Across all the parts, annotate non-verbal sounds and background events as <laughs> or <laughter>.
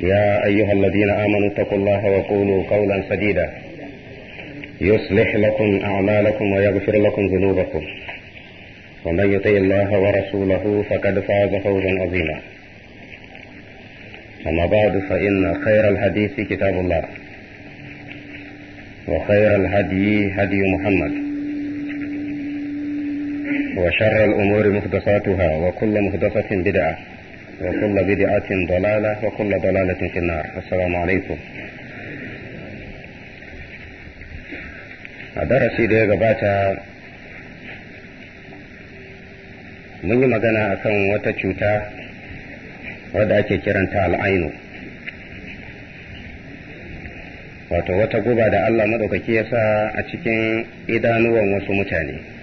يا أيها الذين آمنوا اتقوا الله وقولوا قولا سديدا يصلح لكم أعمالكم ويغفر لكم ذنوبكم ومن يطع الله ورسوله فقد فاز فوزا عظيما أما بعد فإن خير الحديث كتاب الله وخير الهدي هدي محمد وشر الأمور مهدفاتها وكل مهدفه بدعة وكل بدعة ضلالة وكل ضلالة في النار السلام عليكم a darasi da ya gabata mun yi magana akan wata cuta wadda ake kiranta al'ainu wato wata guba da allah maɗaukaki ya sa a cikin idanuwan wasu mutane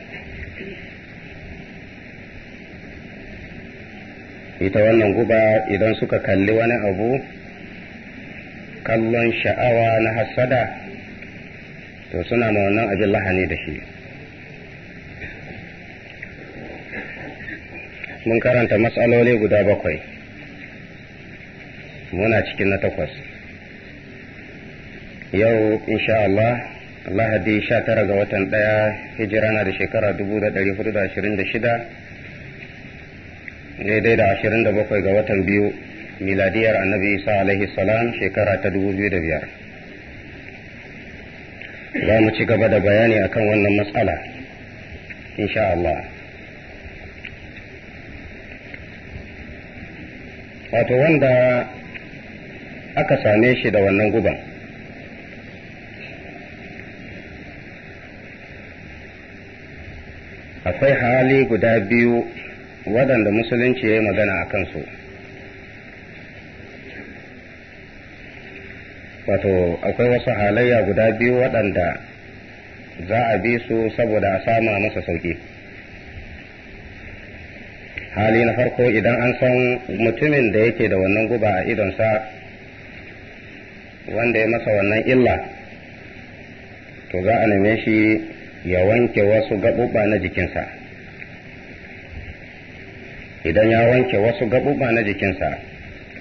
ita wannan guba idan suka kalli wani abu kallon sha'awa na hassada to suna ma wannan abin lahani da shi mun karanta matsaloli guda bakwai muna cikin na takwas yau insha Allah lahadi tara ga watan ɗaya hijira na da shekara 1426 daidai da ashirin da bakwai ga watan biyu miladiyar annabi isa alaihi salam shekara ta dubu biyu da biyar za mu ci gaba da bayani akan wannan matsala insha Allah wato wanda aka same shi da wannan guban akwai hali guda biyu waɗanda musulunci ya yi magana a kansu wato akwai wasu halayya guda biyu waɗanda za a bi su saboda a sama masa sauƙi hali na farko idan an san mutumin da yake da wannan guba a idonsa wanda ya masa wannan illa to za a neme shi ya wanke wasu gaɓuɓɓa na jikinsa idan ya wanke wasu gaɓuɓa na jikinsa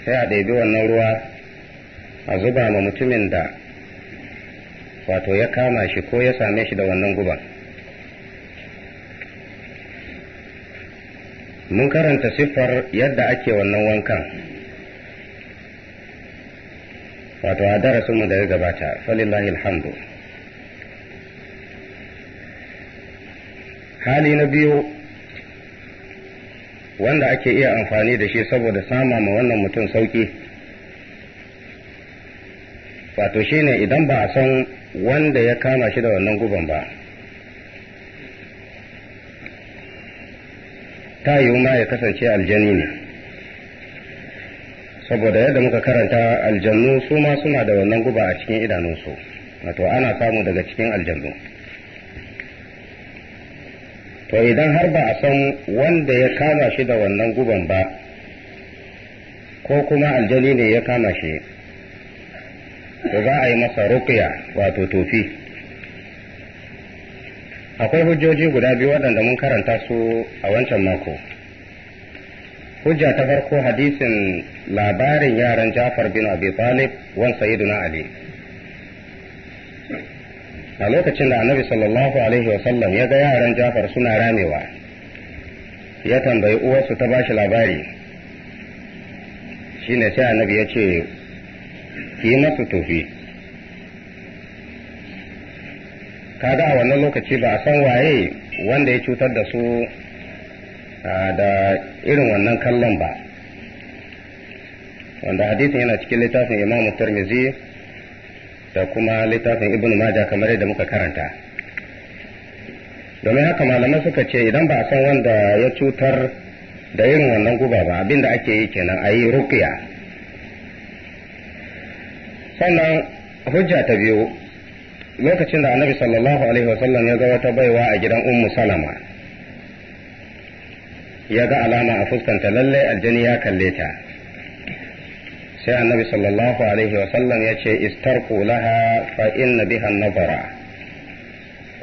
sai a ɗebi wannan ruwa a zuba ma mutumin da wato ya kama shi ko ya same shi da wannan guba mun karanta siffar yadda ake wannan wankan wato a darasinmu da ya gabata falillahi alhamdu hali na biyu wanda ake iya amfani da shi saboda sama ma wannan mutum sauki wato ne idan ba a san wanda ya kama shi da wannan guban ba ta yiwu ma ya kasance aljani ne saboda yadda muka karanta aljannu su ma suna da wannan guba a cikin idanunsu wato ana samu daga cikin aljannu to idan har ba a san wanda ya kama shi da wannan guban ba ko kuma aljani ne ya kama shi to za a yi masa rukiya wato tofi akwai hujjoji guda biyu waɗanda mun karanta su a wancan mako hujja ta farko hadisin labarin yaran jafar bin abi talib wan sayyiduna ali a lokacin da annabi sallallahu alaihi wasallam ya ga yaran jafar suna ramewa ya tambayi uwarsu ta bashi labari shine sai annabi ya ce ki masu tofi kaga a wannan lokaci ba a san waye wanda ya cutar da su da irin wannan kallon ba wanda hadisin yana cikin littafin imamu tirmidhi da kuma littafin ibn Majah kamar yadda muka karanta domin haka malamai suka ce idan ba a san wanda ya cutar da irin wannan guba ba abinda ake yi kenan a yi rukiya sannan hujja ta biyu lokacin da annabi sallallahu alaihi wasallam ya ga wata baiwa a gidan ummu salama ya ga alama a fuskanta lallai aljani ya kalle ta sai annabi sallallahu alaihi wa sallam ya ce istarku laha fa inna biha nazara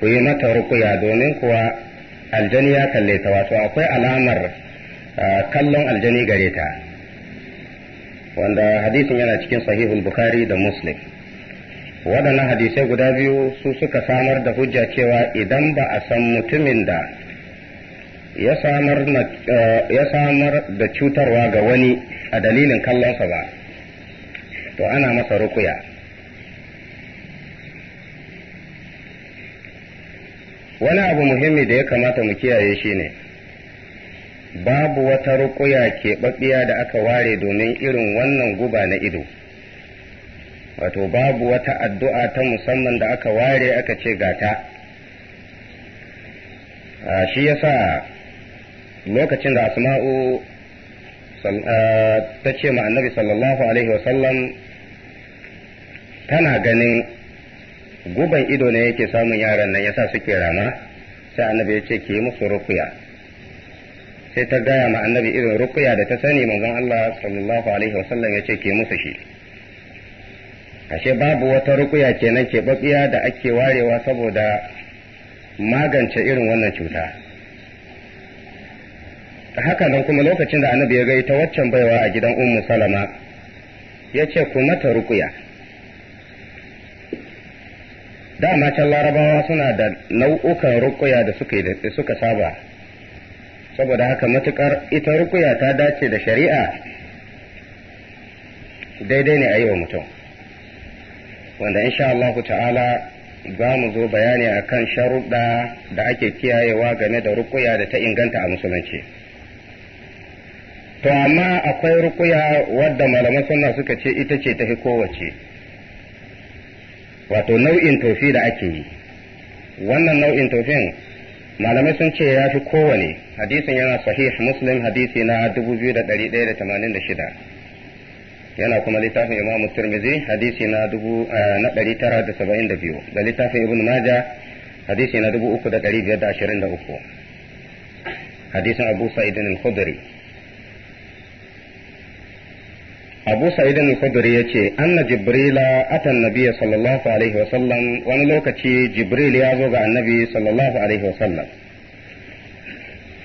ku yi mata rukuya domin kuwa aljani ya kalle ta wato akwai alamar ah, kallon aljani gare ta wanda hadisin yana cikin sahihul bukhari da muslim waɗannan hadisai guda biyu su suka samar da hujja cewa idan ba a san mutumin da ya samar ah, da cutarwa ga wani a dalilin kallonsa ba to ana masa rukuya wani abu muhimmi da ya kamata mu kiyaye shi ne babu wata rukuya keɓaɓɓiya da aka ware domin irin wannan guba na ido wato babu wata addu'a ta musamman da aka ware aka ce gata shi yasa lokacin da asma'u ta ce ma annabi sallallahu alaihi wasallam tana ganin guban ido ne yake samun yaran nan yasa suke rama sai annabi ya ce ki yi musu rukuya sai ta gaya ma annabi irin rukuya da ta sani manzon Allah sallallahu alaihi wasallam ya ce ki musu shi ashe babu wata rukuya kenan ke babiya da ake warewa saboda magance irin wannan cuta haka nan kuma lokacin da annabi ya ga ita waccan baiwa a gidan ummu salama ya ce ku mata rukuya dama can larabawa suna da nau'ukan rukuya da suka saba saboda haka matukar ita rukuya ta dace da shari'a daidai ne a yi wa mutum wanda insha Allahu ta'ala za mu zo bayani a kan sharuɗa da ake kiyayewa game da rukuya da ta inganta a musulunci to amma akwai rukuya wadda malaman suna suka ce ita ce ta fi kowace wato nau'in tofi da ake yi wannan nau'in tofin malamai sun ce ya fi kowane hadisin yana sahih muslim hadisi na 2186 yana kuma littafin imam turmizi hadisi na 972 eh, da littafin ibn maja hadisi na 3523 hadisin abu sa'idin al-khudri abu sa'id al-khudri yace anna jibrila ata annabi sallallahu alaihi wasallam wani lokaci jibril ya zo ga annabi sallallahu alaihi wasallam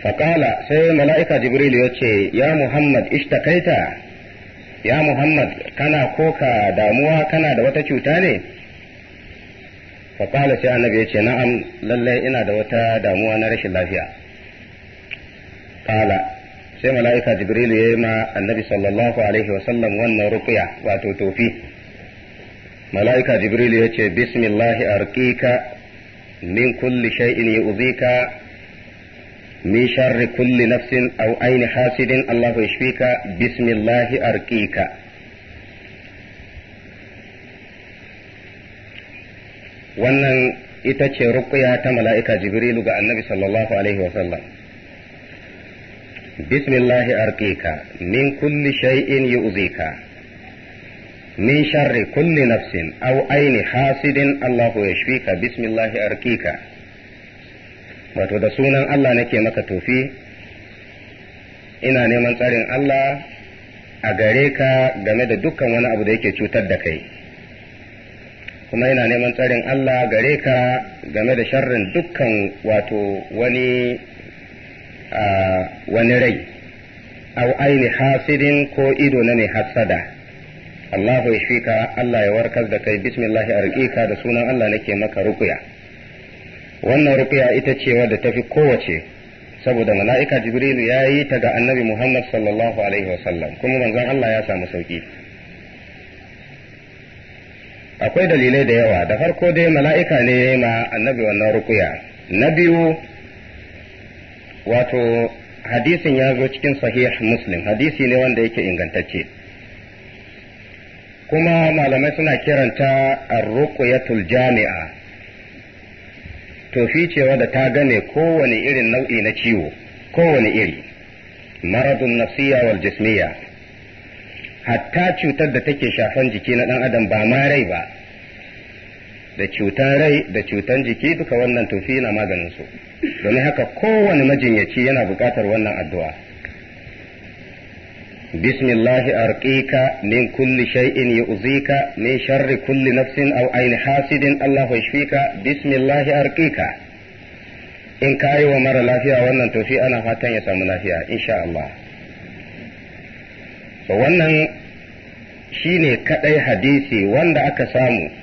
faqala sai mala'ika jibril ya ce ya muhammad ishtakaita ya muhammad kana koka damuwa kana da wata cuta ne faqala sai annabi ya ce na'am lallai ina da wata damuwa na rashin lafiya qala sai mala'ika jibrilu ya yi ma annabi sallallahu alaihi wasallam wannan rukuya wato tofi mala'ika jibrilu ya ce bismillahi arqika min kulli shay'in ka min sharri kulli nafsin aw aini hasidin Allahu yashfika bismillahi arqika wannan ita ce rukuya ta mala'ika jibrilu ga annabi sallallahu alaihi wasallam بسم الله أرقيك من كل شيء يؤذيك من شر كل نفس أو أين حاسد الله يشفيك بسم الله أرقيك wato da sunan Allah nake maka tofi ina neman tsarin Allah a gare ka game da dukkan wani abu da yake cutar da kai kuma ina neman tsarin Allah gare ka game da sharrin dukkan wato wani A wani rai au aini hasidin ko ido na ne hasada Allah ya shi ka Allah ya warkar da kai bismillah arqika da sunan Allah nake maka rukuya wannan rukuya ita ce wadda tafi kowace saboda mala'ika jibrilu ya yi ta ga annabi Muhammad sallallahu alaihi wa sallam, kuma manzon Allah ya samu sauki akwai dalilai da yawa da farko dai mala'ika ne ya yi ma annabi wannan rukuya na biyu wato hadisin ya zo cikin sahih muslim hadisi ne wanda yake ingantacce kuma malamai suna kiranta arruqyatul jami'a to cewa da ta gane kowane irin nau'i na ciwo kowane iri maradun nafsiya wal jismiya hatta cutar da take shafan jiki na dan adam ba ma rai ba da cutan rai da cutan jiki duka wannan tufi na maganin su domin haka kowane majinyaci yana bukatar wannan addu'a bismillahi arqika min kulli shay'in yu'zika min sharri kulli nafsin aw ayni hasidin Allahu yashfika bismillahi arqika in kai wa mara lafiya wannan tofi ana fatan ya samu lafiya insha Allah wannan shine kadai hadisi wanda aka samu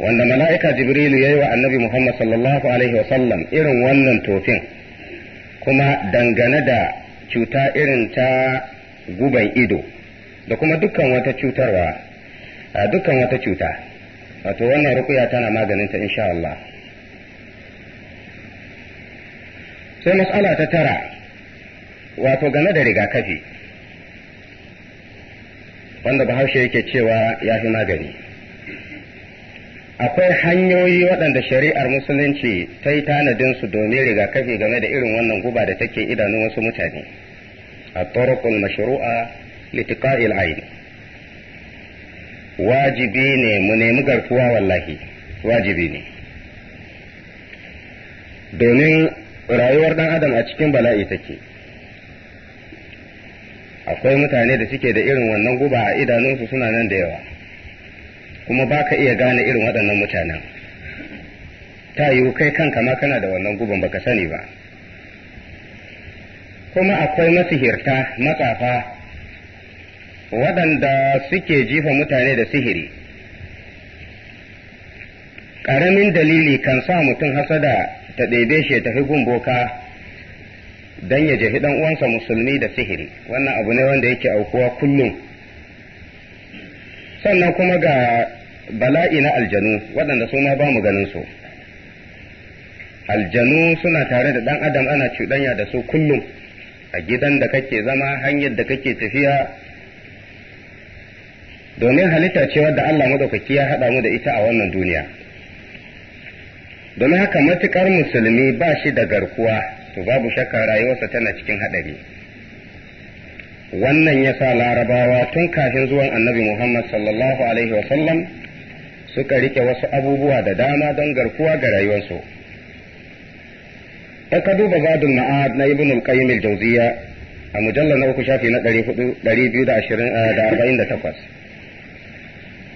wanda mala'ika jibrilu ya yi wa annabi muhammad sallallahu alaihi wasallam irin wannan tofin kuma dangane da cuta irin ta guban ido da kuma dukkan wata cutarwa a dukkan wata cuta wato wannan rukuya tana maganinta insha Allah sai mas'ala ta tara wato game da rigakafi wanda bahaushe yake cewa ya fi magani akwai hanyoyi waɗanda shari'ar musulunci ta yi tanadin su domin rigakafi game da irin wannan guba da take idanun wasu mutane a tarukul mashru'a litiqa'il ayn wajibi ne mu nemi garkuwa wallahi wajibi ne domin rayuwar dan adam a cikin bala'i take akwai mutane da suke da irin wannan guba a idanunsu suna nan da yawa kuma ba ka iya gane irin waɗannan mutanen ta yiwu kai kanka ma kana da wannan guban baka sani ba kuma akwai masihirta matsafa waɗanda suke jifa mutane da sihiri ƙaramin dalili kan sa mutum hasada ta ɗebe shi ya tafi gumboka don ya jefi ɗan uwansa musulmi da sihiri wannan abu ne wanda yake aukuwa kullum sannan kuma ga bala'i na aljanu waɗanda su ma ba mu ganin su aljanu suna tare da ɗan adam ana cuɗanya da su kullum a gidan da kake zama hanyar da kake tafiya domin halitta ce wadda Allah madaukaki ya haɗa mu da ita a wannan duniya domin haka matuƙar musulmi ba shi da garkuwa to babu shakka rayuwarsa tana cikin haɗari wannan ya sa larabawa tun kafin zuwan annabi muhammad sallallahu alaihi wasallam suka rike wasu abubuwa da dama don garkuwa ga rayuwarsu in ka duba zadun ad na ibn al-qayyim al-jawziya a mujallar na uku shafi na 248 eh,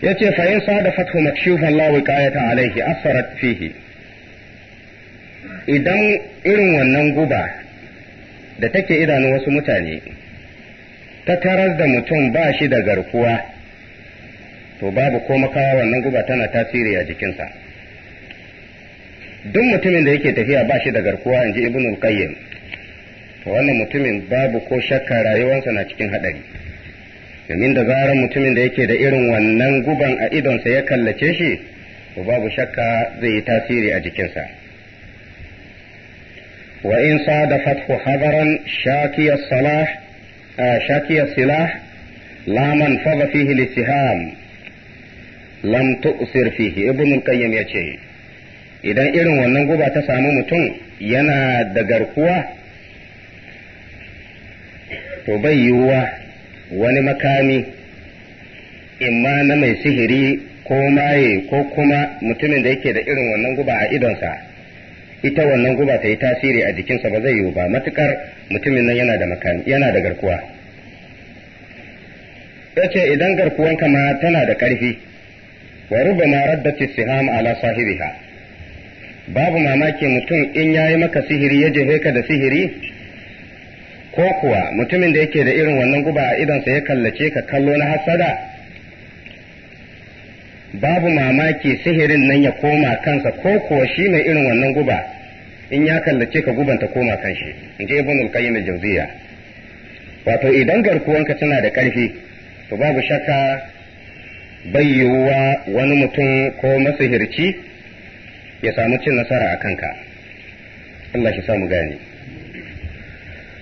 yace fa in sada fathu makshufan la wiqayata alayhi asarat fihi idan irin wannan guba da take idanu wasu mutane ta tarar da mutum ba shi da garkuwa to babu ko makawa wannan guba tana tasiri a jikinsa duk mutumin da yake tafiya ba shi da garkuwa ji ibn qayyim to wannan mutumin babu ko shakka rayuwarsa na cikin haɗari domin da zarar mutumin da yake da irin wannan guban a idonsa ya kallace shi to babu shakka zai yi tasiri a jikinsa wa in sadafat hadaran shakiya shakiya silah la man fihi lisiham lam tu'sir fihi ibn qayyim yace idan irin wannan guba ta samu mutum yana da garkuwa to bai yiwuwa wani makami imma na mai sihiri ko maye ko kuma mutumin da yake da irin wannan guba a idonsa ita wannan guba ta yi tasiri a jikinsa ba zai yiwu ba matukar mutumin nan yana da makami yana da garkuwa yace idan garkuwanka ma tana da ƙarfi wa rubama raddat siham ala sahibiha babu mamaki mutum in yayi maka sihiri ya jefe ka da sihiri ko kuwa mutumin da yake da irin wannan guba a idonsa ya kallace ka kallo na hasada babu mamaki sihirin nan ya koma kansa ko kuwa shi mai irin wannan guba in ya kallace ka guban ta koma kanshi in ibn al-qayyim al-jawziya wato idan garkuwanka tana da karfi to babu shakka bai yiwuwa wani mutum ko masihirci ya samu cin nasara a kanka Allah shi samu gane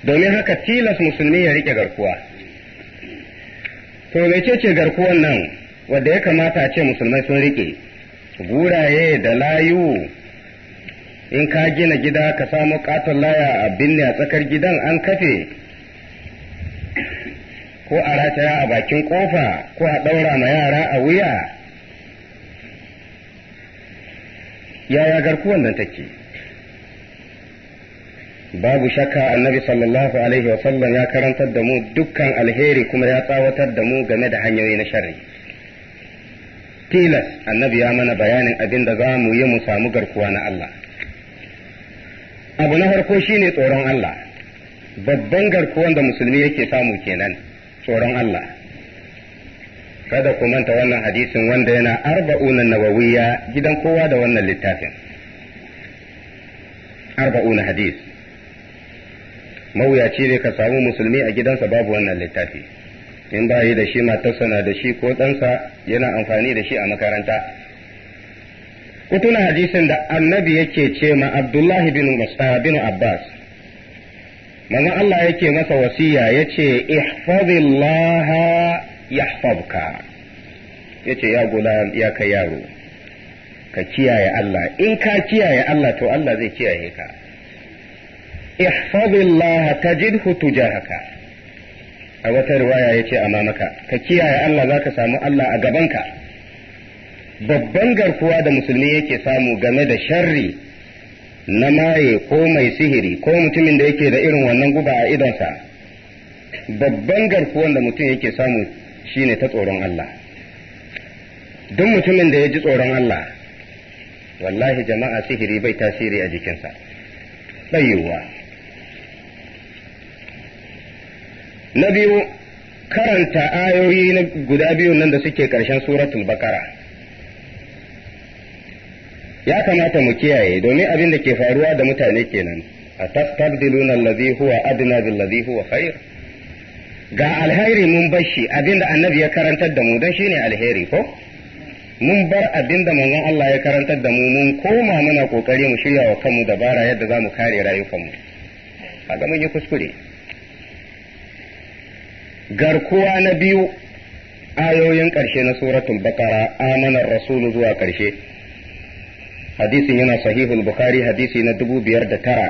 domin haka tilas musulmi ya rike garkuwa to mece ce garkuwan nan wadda ya kamata a ce musulmai sun riƙe? guraye da layu in ka gina gida ka samu katon laya a binne a tsakar gidan an kafe ko a rataya a bakin kofa ko a ɗaura ma yara a wuya yaya garkuwan nan take babu shakka annabi sallallahu alaihi wasallam ya karantar da mu dukkan alheri kuma ya tsawatar da mu game da hanyoyi na sharri tilas annabi ya mana bayanin abin da za mu yi mu samu garkuwa na Allah abu na farko shine tsoron Allah babban garkuwan da musulmi yake samu kenan tsoron Allah kada ku manta wannan hadisin wanda yana arba'unan nawawiya gidan kowa da wannan littafin arba'una hadis mawuyaci ne ka samu musulmi a gidansa babu wannan littafi in ba yi da shi matarsa na da shi ko ɗansa yana amfani da shi a makaranta Kutuna hadisin da annabi yake ce ma abdullahi bin abbas manzon Allah yake masa wasiya ya ce ihfazillaha yahfazka yace ya gulam ya ka yaro ka kiyaye Allah in ka kiyaye Allah to Allah zai kiyaye ka ihfazillaha tajidhu tujahaka a wata riwaya yace amamaka ka kiyaye Allah za ka samu Allah a gabanka babban garkuwa da musulmi yake samu game da sharri na maye ko mai sihiri ko mutumin da yake da irin wannan guba a idonsa babban garkuwan da mutum yake samu shine ta tsoron Allah duk mutumin da ya ji tsoron Allah wallahi jama'a sihiri bai tasiri a jikinsa ɗayewa na biyu karanta ayoyi na guda biyu nan da suke ƙarshen suratul bakara ya kamata mu kiyaye domin abin da ke faruwa da mutane kenan a tastabdiluna lazi huwa adna lazi huwa khair ga alheri mun bar shi abin da annabi ya karantar da mu don shine alheri ko mun bar abin da manzon Allah ya karantar da mu mun koma muna kokari mu shirya wa kanmu dabara yadda za mu kare rayukanmu kaga mun yi kuskure garkuwa na biyu ayoyin ƙarshe na suratul baqara amanar rasulu zuwa ƙarshe hadisin yana sahihul bukhari hadisi na dubu biyar da tara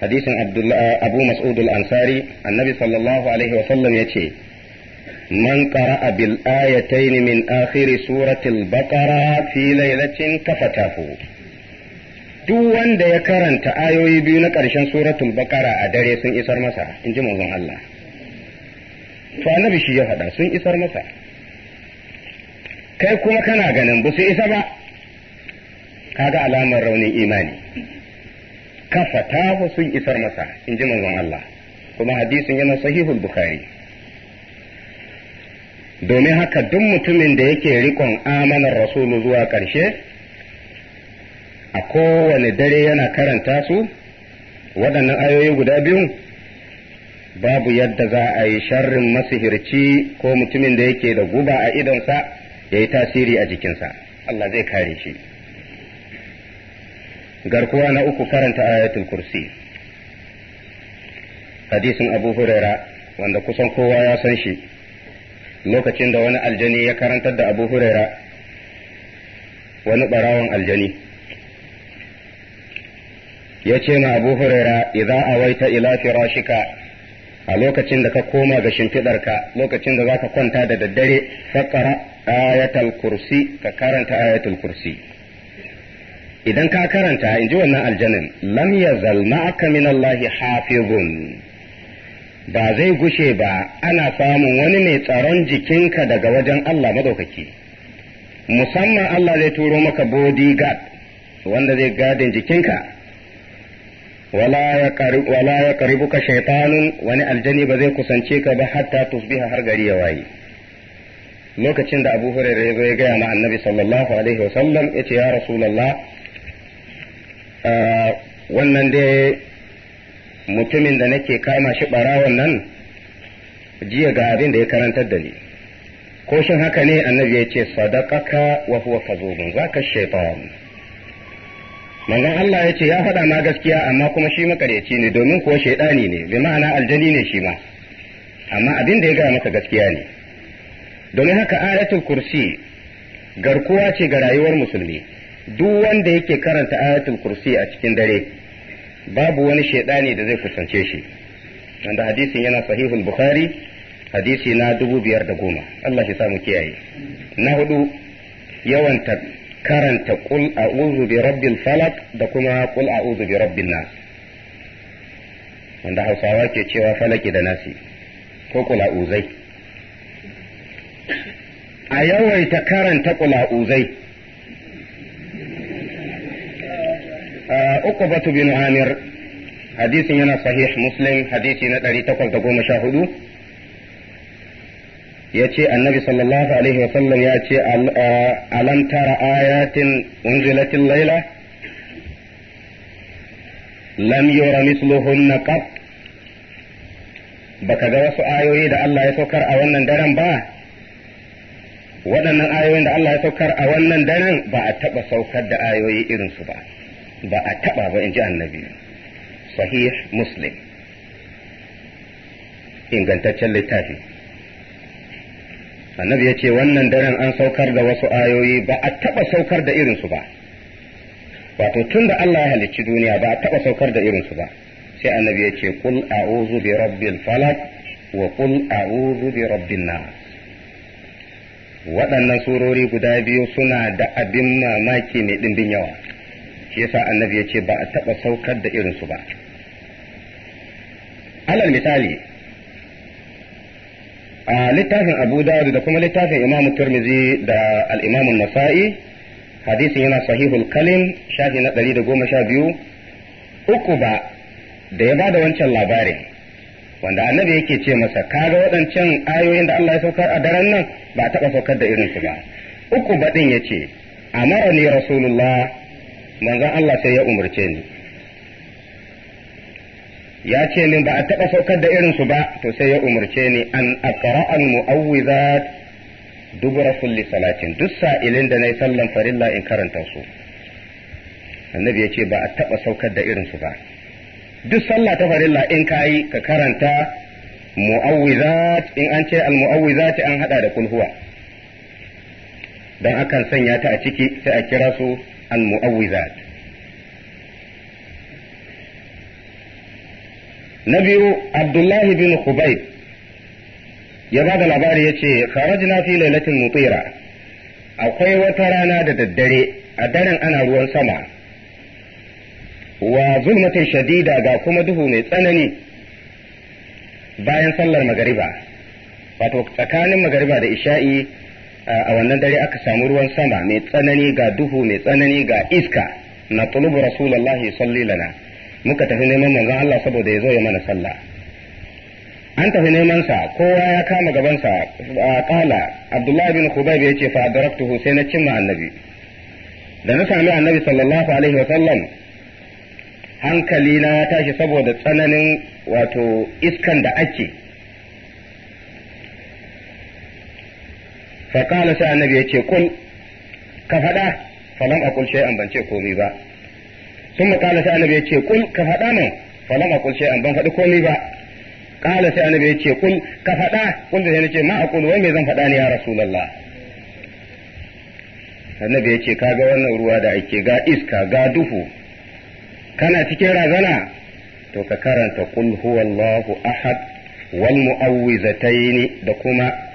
hadisin abu mas'ud al-ansari annabi sallallahu alaihi wa sallam yace man qara'a bil ayatayn min akhir suratil baqara fi lailatin kafatahu duk wanda ya karanta ayoyi biyu na ƙarshen suratul baqara a dare sun isar masa in ji manzon Allah to annabi shi ya sun isar masa kai kuma kana ganin ba su isa ba kaga alamar raunin imani kafa tahu sun isar masa in ji manzon Allah kuma hadisin yana sahihul bukhari domin haka duk mutumin da yake rikon amanar rasulu zuwa ƙarshe a kowane dare yana karanta su waɗannan ayoyi guda biyu babu yadda za a yi sharrin masihirci ko mutumin da yake da guba a idonsa ya yi tasiri a jikinsa Allah zai kare shi garkuwa na uku karanta ayatul kursi hadisin abu huraira wanda kusan kowa ya san shi lokacin da wani aljani ya karantar da abu huraira wani barawan aljani ya ce ma abu huraira idza awaita ila firashika a lokacin da ka koma ga shimfiɗarka lokacin da za ka kwanta da daddare faƙara ayatul kursi ka karanta ayatul kursi idan ka karanta in ji wannan aljanin lam yazal ma'aka min Allahi hafizun ba zai gushe ba ana samun wani mai tsaron jikinka daga wajen Allah madaukaki musamman Allah zai turo maka bodyguard wanda zai gadin jikinka wala ya ka shaitanun wani aljani ba zai kusance ka ba hatta tusbiha har gari ya waye lokacin da abu hurairu ya zo gaya ma annabi sallallahu alaihi wasallam ya ce ya rasulallah wannan dai mutumin da nake kama shi ɓarawon nan jiya ga abin da ya karantar da ni ko shin haka ne annabi ya ce sadaqaka wa huwa kazubun zaka shaytan manzon Allah ya ce ya faɗa ma gaskiya amma kuma shi makareci ne domin kuwa shaidani ne bi ma'ana aljani ne shi ma amma abin da ya ga maka gaskiya ne domin haka ayatul kursi garkuwa ce ga rayuwar musulmi duk wanda yake karanta ayatul kursi a cikin dare babu wani shaidani da zai kusance shi wanda hadisin yana sahihul bukhari hadisi na dubu biyar da goma Allah shi samu kiyaye na hudu yawanta karanta qul a'udhu bi rabbil falaq da kuma qul a'udhu bi rabbin nas wanda hausawa ke cewa falaki da nasi ko qul a'uzai a yawaita karanta qul a'uzai uqbatu bin amir hadisin yana sahih muslim hadisi na 814 yace annabi sallallahu alaihi wasallam ya ce alam tara ayatin unzilatil laila lam yura misluhunna qat baka ga wasu ayoyi da Allah ya saukar a wannan daren ba waɗannan ayoyin da Allah ya saukar a wannan daren ba a taɓa saukar da ayoyi irinsu ba ba a taɓa ba in ji annabi sahih muslim ingantaccen littafi annabi ya ce wannan daren an saukar da wasu ayoyi ba a taɓa saukar da irinsu ba wato tun da Allah ya halicci duniya ba a taɓa saukar da irinsu ba sai annabi ya ce kul a'udhu bi rabbil falaq wa kul a'udhu bi rabbin nas waɗannan surori guda biyu suna da abin mamaki mai ɗimbin yawa shi yasa annabi ya ce ba a taɓa saukar da irinsu ba alal misali a littafin abu dawud da kuma littafin imam turmizi da al-imam nasa'i hadisin yana sahihul kalim shafi na 112 uku ba da ya bada wancan labarin wanda annabi yake ce masa kaga waɗancan ayoyin da Allah ya saukar a daren nan ba a taɓa saukar da irinsu ba uku ba baɗin ya ce ni rasulullah manzon Allah sai ya umarce ni ya ce min ba a taɓa saukar da irinsu ba to sai ya umarce ni an aqra al mu'awwizat dubura kulli salatin duk sa'ilin da nayi sallan farilla in karanta su annabi ya ce ba a taɓa saukar da irinsu ba duk sallah ta farilla in kayi ka karanta mu'awwizat in an ce al mu'awwizat an hada da kulhuwa dan akan sanya ta a ciki sai a kira su المؤوذات نبي عبد الله بن خبيب يا بعد العبارة خرجنا في ليلة مطيرة أو قي وترانا الدري أدرن أنا روان سما وظلمة شديدة قاكم دهوني سنني باين صلى المغربة فتوقت كان المغربة إشائي a wannan dare aka samu ruwan sama mai tsanani ga duhu mai tsanani ga iska na tulubu rasulullahi salli lana muka tafi neman manzon Allah saboda ya zo ya mana sallah an tafi neman sa kowa ya kama gaban sa kala abdullahi bin khubayb yace fa daraktuhu sai na cimma annabi da na sami annabi sallallahu alaihi wa sallam hankali na ya tashi saboda tsananin wato iskan da ake fa kala sai annabi ce kul ka fada falam shay an ban ce komai ba sun kala sai annabi ce kul ka fada min falam shay an ban fadi komai ba kala sai annabi ce kul ka fada kun da ce ma akul wai me zan fada ne ya rasulullah annabi ce kaga wannan ruwa da ake ga iska ga duhu kana cikin razana to ka karanta kul huwallahu ahad wal mu'awwizataini da kuma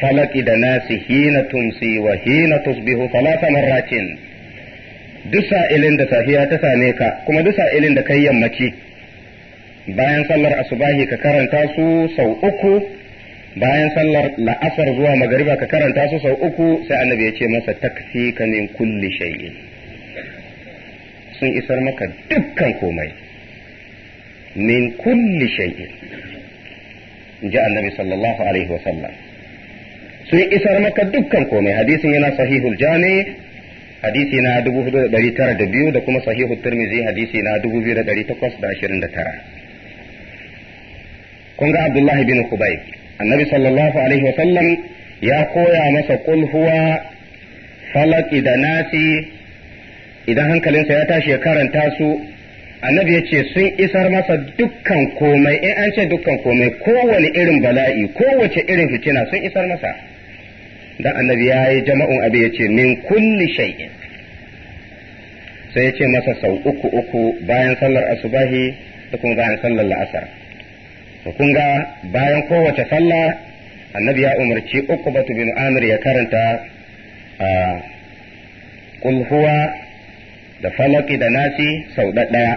falaki da nasi hina tumsi wa hina tusbihu talata marratin duk sa'ilin da safiya ta same ka kuma duk da kai yammaci bayan sallar asubahi ka karanta su sau uku bayan sallar la'asar zuwa magariba ka karanta su sau uku sai annabi ya ce masa taksi ka min kulli shay'in sun isar maka dukkan komai min kulli shay'in in ji annabi sallallahu alaihi wa sallam sun isar maka dukkan komai hadisin yana sahihul jami hadisi na 4902 da kuma sahihul turmizi hadisi na 2829 kun ga abdullahi bin kubai annabi sallallahu alaihi wasallam ya koya masa kul huwa falaki da nasi idan hankalinsa ya tashi ya karanta su annabi ya ce sun isar masa dukkan komai in an ce dukkan komai kowane irin bala'i kowace irin fitina sun isar masa dan annabi ya yi jama'un abin ya ce min kulli shay'in sai ya ce masa sau uku uku bayan sallar asubahi da kuma bayan sallar la'asar to kun ga bayan kowace sallah annabi ya umarci uku batu bin amir ya karanta a kulhuwa da falaki da nasi sau ɗaya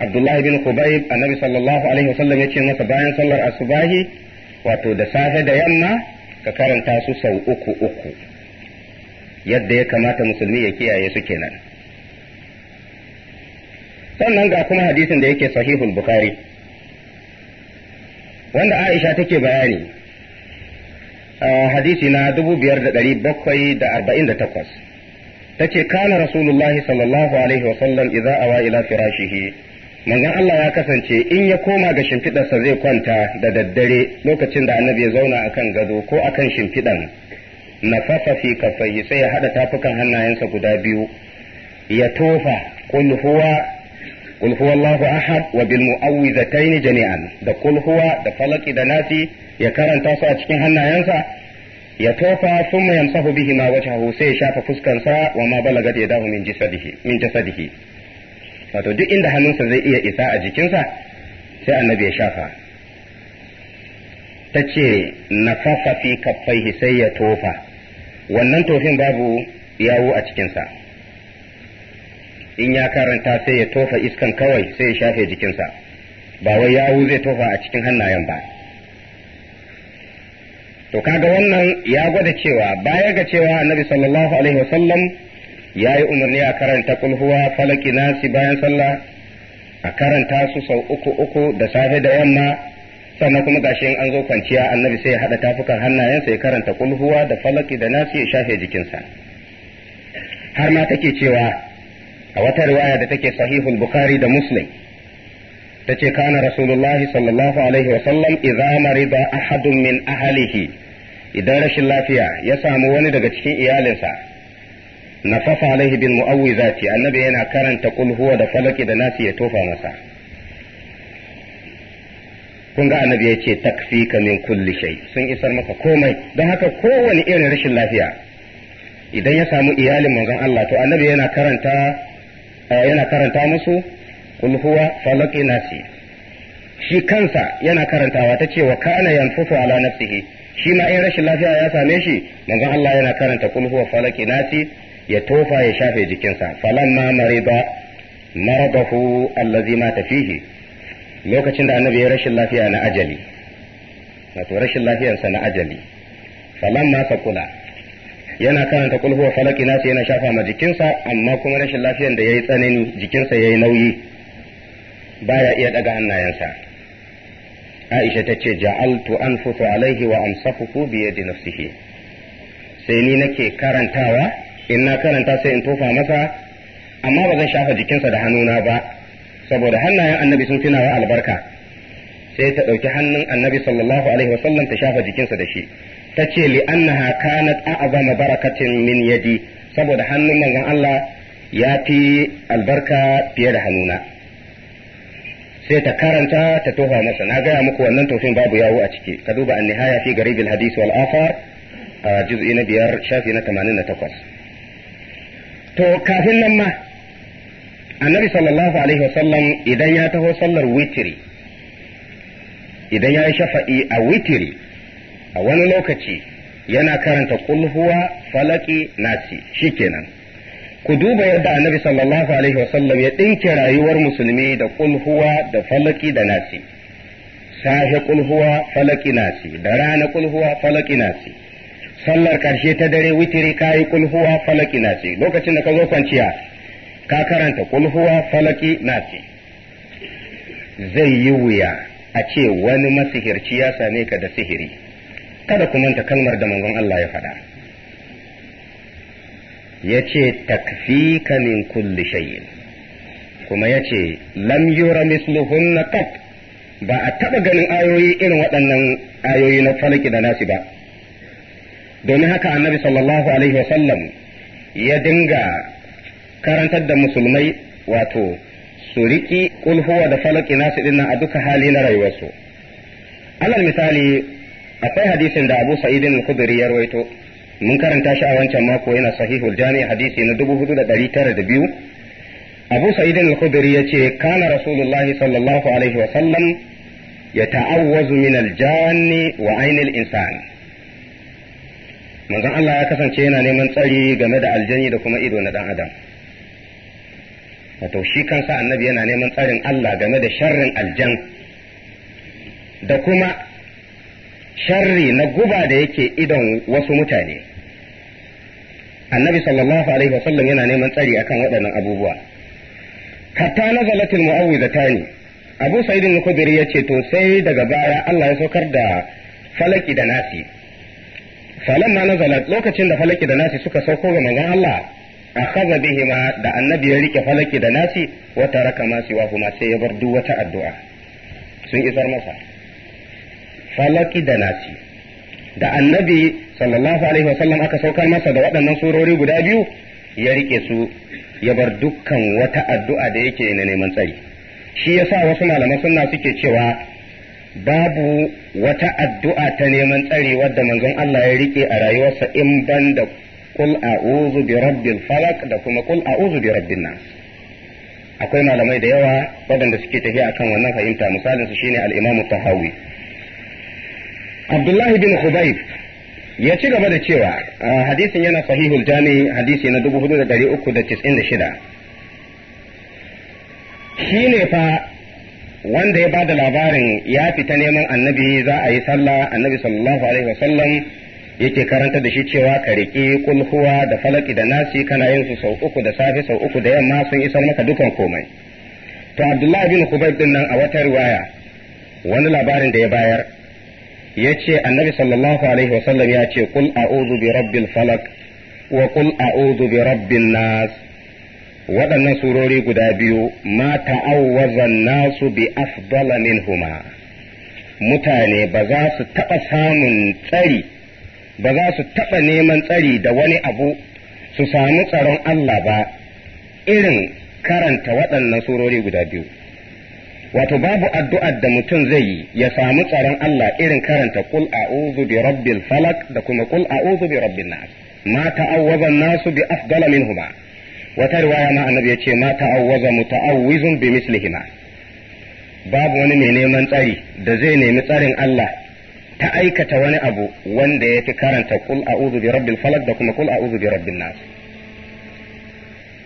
abdullahi bin kubayib annabi sallallahu alaihi wasallam ya ce masa bayan sallar asubahi wato da safe da yamma ka karanta su sau uku uku yadda ya kamata musulmi ya kiyaye su kenan sannan ga kuma hadisin da yake sahihul bukhari wanda aisha take bayani hadisi na biyar ta ce kana rasulullahi sallallahu alaihi wasallam idza awa ila firashihi manzon Allah ya kasance in ya koma ga shimfiɗarsa zai kwanta da daddare lokacin da annabi ya zauna akan gado ko a kan shimfiɗan na fafafi kafai sai ya haɗa tafukan hannayensa guda biyu ya tofa kul huwa Allahu ahad wa bil mu'awwizataini jami'an da kulhuwa da falaki da nasi ya karanta su a cikin hannayensa ya tofa thumma yamsahu bihi ma wajhahu sai ya shafa fuskansa wa ma balagat yadahu min jasadihi min jasadihi wato duk inda hannunsa zai iya isa a jikinsa sai annabi ya shafa ta ce na fi kafai sai ya tofa wannan tofin babu yawo a cikinsa in ya karanta sai ya tofa iskan kawai sai ya shafe jikinsa ba wai yawo zai tofa a cikin hannayen ba to kaga wannan ya gwada cewa baya ga cewa annabi sallallahu alaihi wasallam ya yi umarni a karanta kulhuwa falaki nasi bayan sallah a karanta su sau uku uku da safe da yamma sannan kuma gashi an zo kwanciya annabi sai ya haɗa tafukan hannayensa ya karanta kulhuwa da falaki da nasi ya shafe jikinsa har ma take cewa a wata riwaya da take sahihul bukhari da muslim tace kana rasulullahi sallallahu alaihi wa sallam idza marida ahadun min ahlihi idan rashin lafiya ya samu wani daga cikin iyalinsa nafafa alaihi bil mu'awwizati annabi yana karanta kul huwa da falaki da nasi ya tofa masa kun ga annabi ya ce takfi ka min kulli shay sun isar maka komai don haka kowane irin rashin lafiya idan ya samu iyalin manzon Allah to annabi yana karanta eh, yana karanta musu kul huwa falaki nasi shi kansa yana karantawa ta ce wa kana yanfufu ala nafsihi shi ma in rashin lafiya ya same shi manzon Allah yana karanta kul huwa falaki nasi ya tofa ya shafe jikinsa falamma ba maradahu allazi ma tafihi lokacin da annabi ya rashin lafiya na ajali wato rashin lafiyarsa na ajali ma sakula yana karanta kulhuwa huwa falaki nasu yana shafa ma jikinsa amma kuma rashin lafiyar da ya yi tsanani jikinsa ya yi nauyi baya iya daga hannayensa Aisha ta ce ja'altu anfusu alaihi wa amsafuhu bi yadi nafsihi sai ni nake karantawa in na karanta sai in tofa masa amma ba zan shafa jikinsa da hannuna ba saboda hannayen annabi sun tunawa albarka sai ta ɗauki hannun annabi sallallahu alaihi sallam ta shafa jikinsa da shi ta ce li annaha kanat a'zama barakatin min yadi saboda hannun manzon Allah ya fi albarka fiye da hannuna sai ta karanta ta tofa masa na gaya muku wannan tofin babu yawo a ciki ka duba an nihaya fi garibil hadisi wal afar juz'i na biyar shafi na 88 to kafin nan ma annabi sallallahu alaihi wasallam idan ya taho sallar witiri idan ya yi shafa'i a witiri a wani lokaci yana karanta kulhuwa falaki nasi shikenan ku duba yadda annabi sallallahu alaihi wasallam ya ɗinke rayuwar musulmi da kulhuwa da falaki da nasi safe kulhuwa falaki nasi da rana kulhuwa falaki nasi sallar karshe ta dare witiri ka yi kulhuwa falaki nasi lokacin da ka zo kwanciya ka karanta kulhuwa falaki nasi zai yi wuya a ce wani masihirci ya same ka da sihiri kada ku manta kalmar da manzon Allah ya faɗa ya ce takfika min kulli shay'in kuma ya ce lam yura misluhunna qat ba a taɓa ganin ayoyi irin waɗannan ayoyi na falaki da nasi ba domin haka annabi sallallahu alaihi wasallam ya dinga karantar da musulmai wato su riki kulhuwa da falaki nasu dinnan a duka hali na rayuwarsu alal misali akwai hadisin da abu sa'idin al-khudri ya rawaito mun karanta shi a wancan mako yana sahihul jami hadisi na 4902 abu sa'idin al-khudri yace kana rasulullahi sallallahu alaihi wa sallam yata'awwazu min al-janni wa ainil insani manzon Allah ya kasance yana neman tsari game da aljani da kuma ido na dan adam wato shi kansa annabi yana neman tsarin Allah game da sharrin aljan da kuma sharri na guba da yake idon wasu mutane annabi sallallahu alaihi wasallam yana neman tsari akan waɗannan abubuwa hatta nazalatul mu'awwidatani abu sa'id al ya yace to sai daga baya Allah ya saukar da falaki da nasi falan ma nazalat lokacin da falaki da nasi suka sauko ga manzon Allah akhadha bihima da annabi ya rike falaki da nasi wa taraka ma huma sai ya bar duk wata addu'a sun isar masa falaki da nasi da annabi sallallahu alaihi wasallam aka saukar masa da waɗannan surori guda biyu ya rike su ya bar dukkan wata addu'a da yake na neman tsari shi yasa wasu malaman sunna suke cewa babu wata addu'a ta neman tsari wadda manzon Allah ya rike a rayuwarsa in ban da kul a'udhu bi rabbil falak da kuma kul a'udhu bi rabbin nas akwai malamai da yawa waɗanda suke tafiya akan wannan fahimta misalin su shine al-Imam Tahawi Abdullah bin Khubayb ya ci gaba da cewa hadisin yana sahihul jami hadisi na 4396 shine fa wanda ya bada labarin ya fita neman annabi za a yi sallah annabi sallallahu alaihi wasallam yake karanta da shi cewa ka riƙi kulhuwa da falaki da nasi kana yin su sau uku da safe sau uku da yamma sun isa maka dukan komai to abdullahi bin kubayb din nan a wata riwaya wani labarin da ya bayar ya ce annabi sallallahu alaihi wasallam ya ce kul a'udhu bi rabbil falak wa kul a'udhu bi rabbin nas waɗannan surori guda biyu ma ta'awwazan nasu bi afdala minhuma mutane ba za su taɓa samun tsari ba za su taɓa neman tsari da wani abu su samu tsaron Allah ba irin karanta waɗannan surori guda biyu wato babu addu'ar da mutum zai yi ya samu tsaron Allah irin karanta kul a'udhu bi rabbil falak da kuma kul a'udhu bi rabbin nas ma nasu bi afdala minhuma wata riwaya ma annabi ya ce ma ta'awwaza muta'awwizun bi mislihima babu wani mai neman tsari da zai nemi tsarin Allah ta aikata wani abu wanda ya fi karanta kul a'udhu bi rabbil da kuma kul a'udhu bi rabbin nas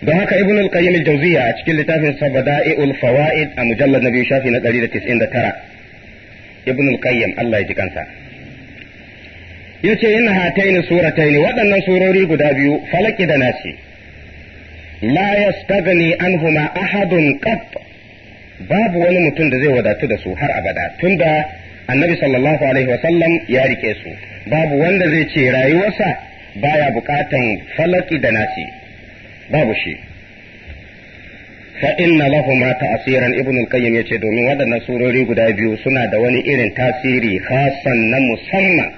don haka ibn al-qayyim al-jawziyya a cikin littafin sa bada'i'ul fawaid a mujallad na biyu shafi na 199 ibn al-qayyim Allah ya ji kansa yace inna suratai surataini waɗannan surori guda biyu falaki da nasi layas ta gani anhuma ahadun qat babu wani mutum da zai wadatu da su har abada tunda annabi sallallahu alaihi wasallam ya rike su babu wanda zai ce rayuwarsa baya buƙatan falaki da nasi babu shi fa inna lahuma ta'siran ibn al-qayyim yace domin waɗannan surori guda biyu suna da wani irin tasiri khasan na musamman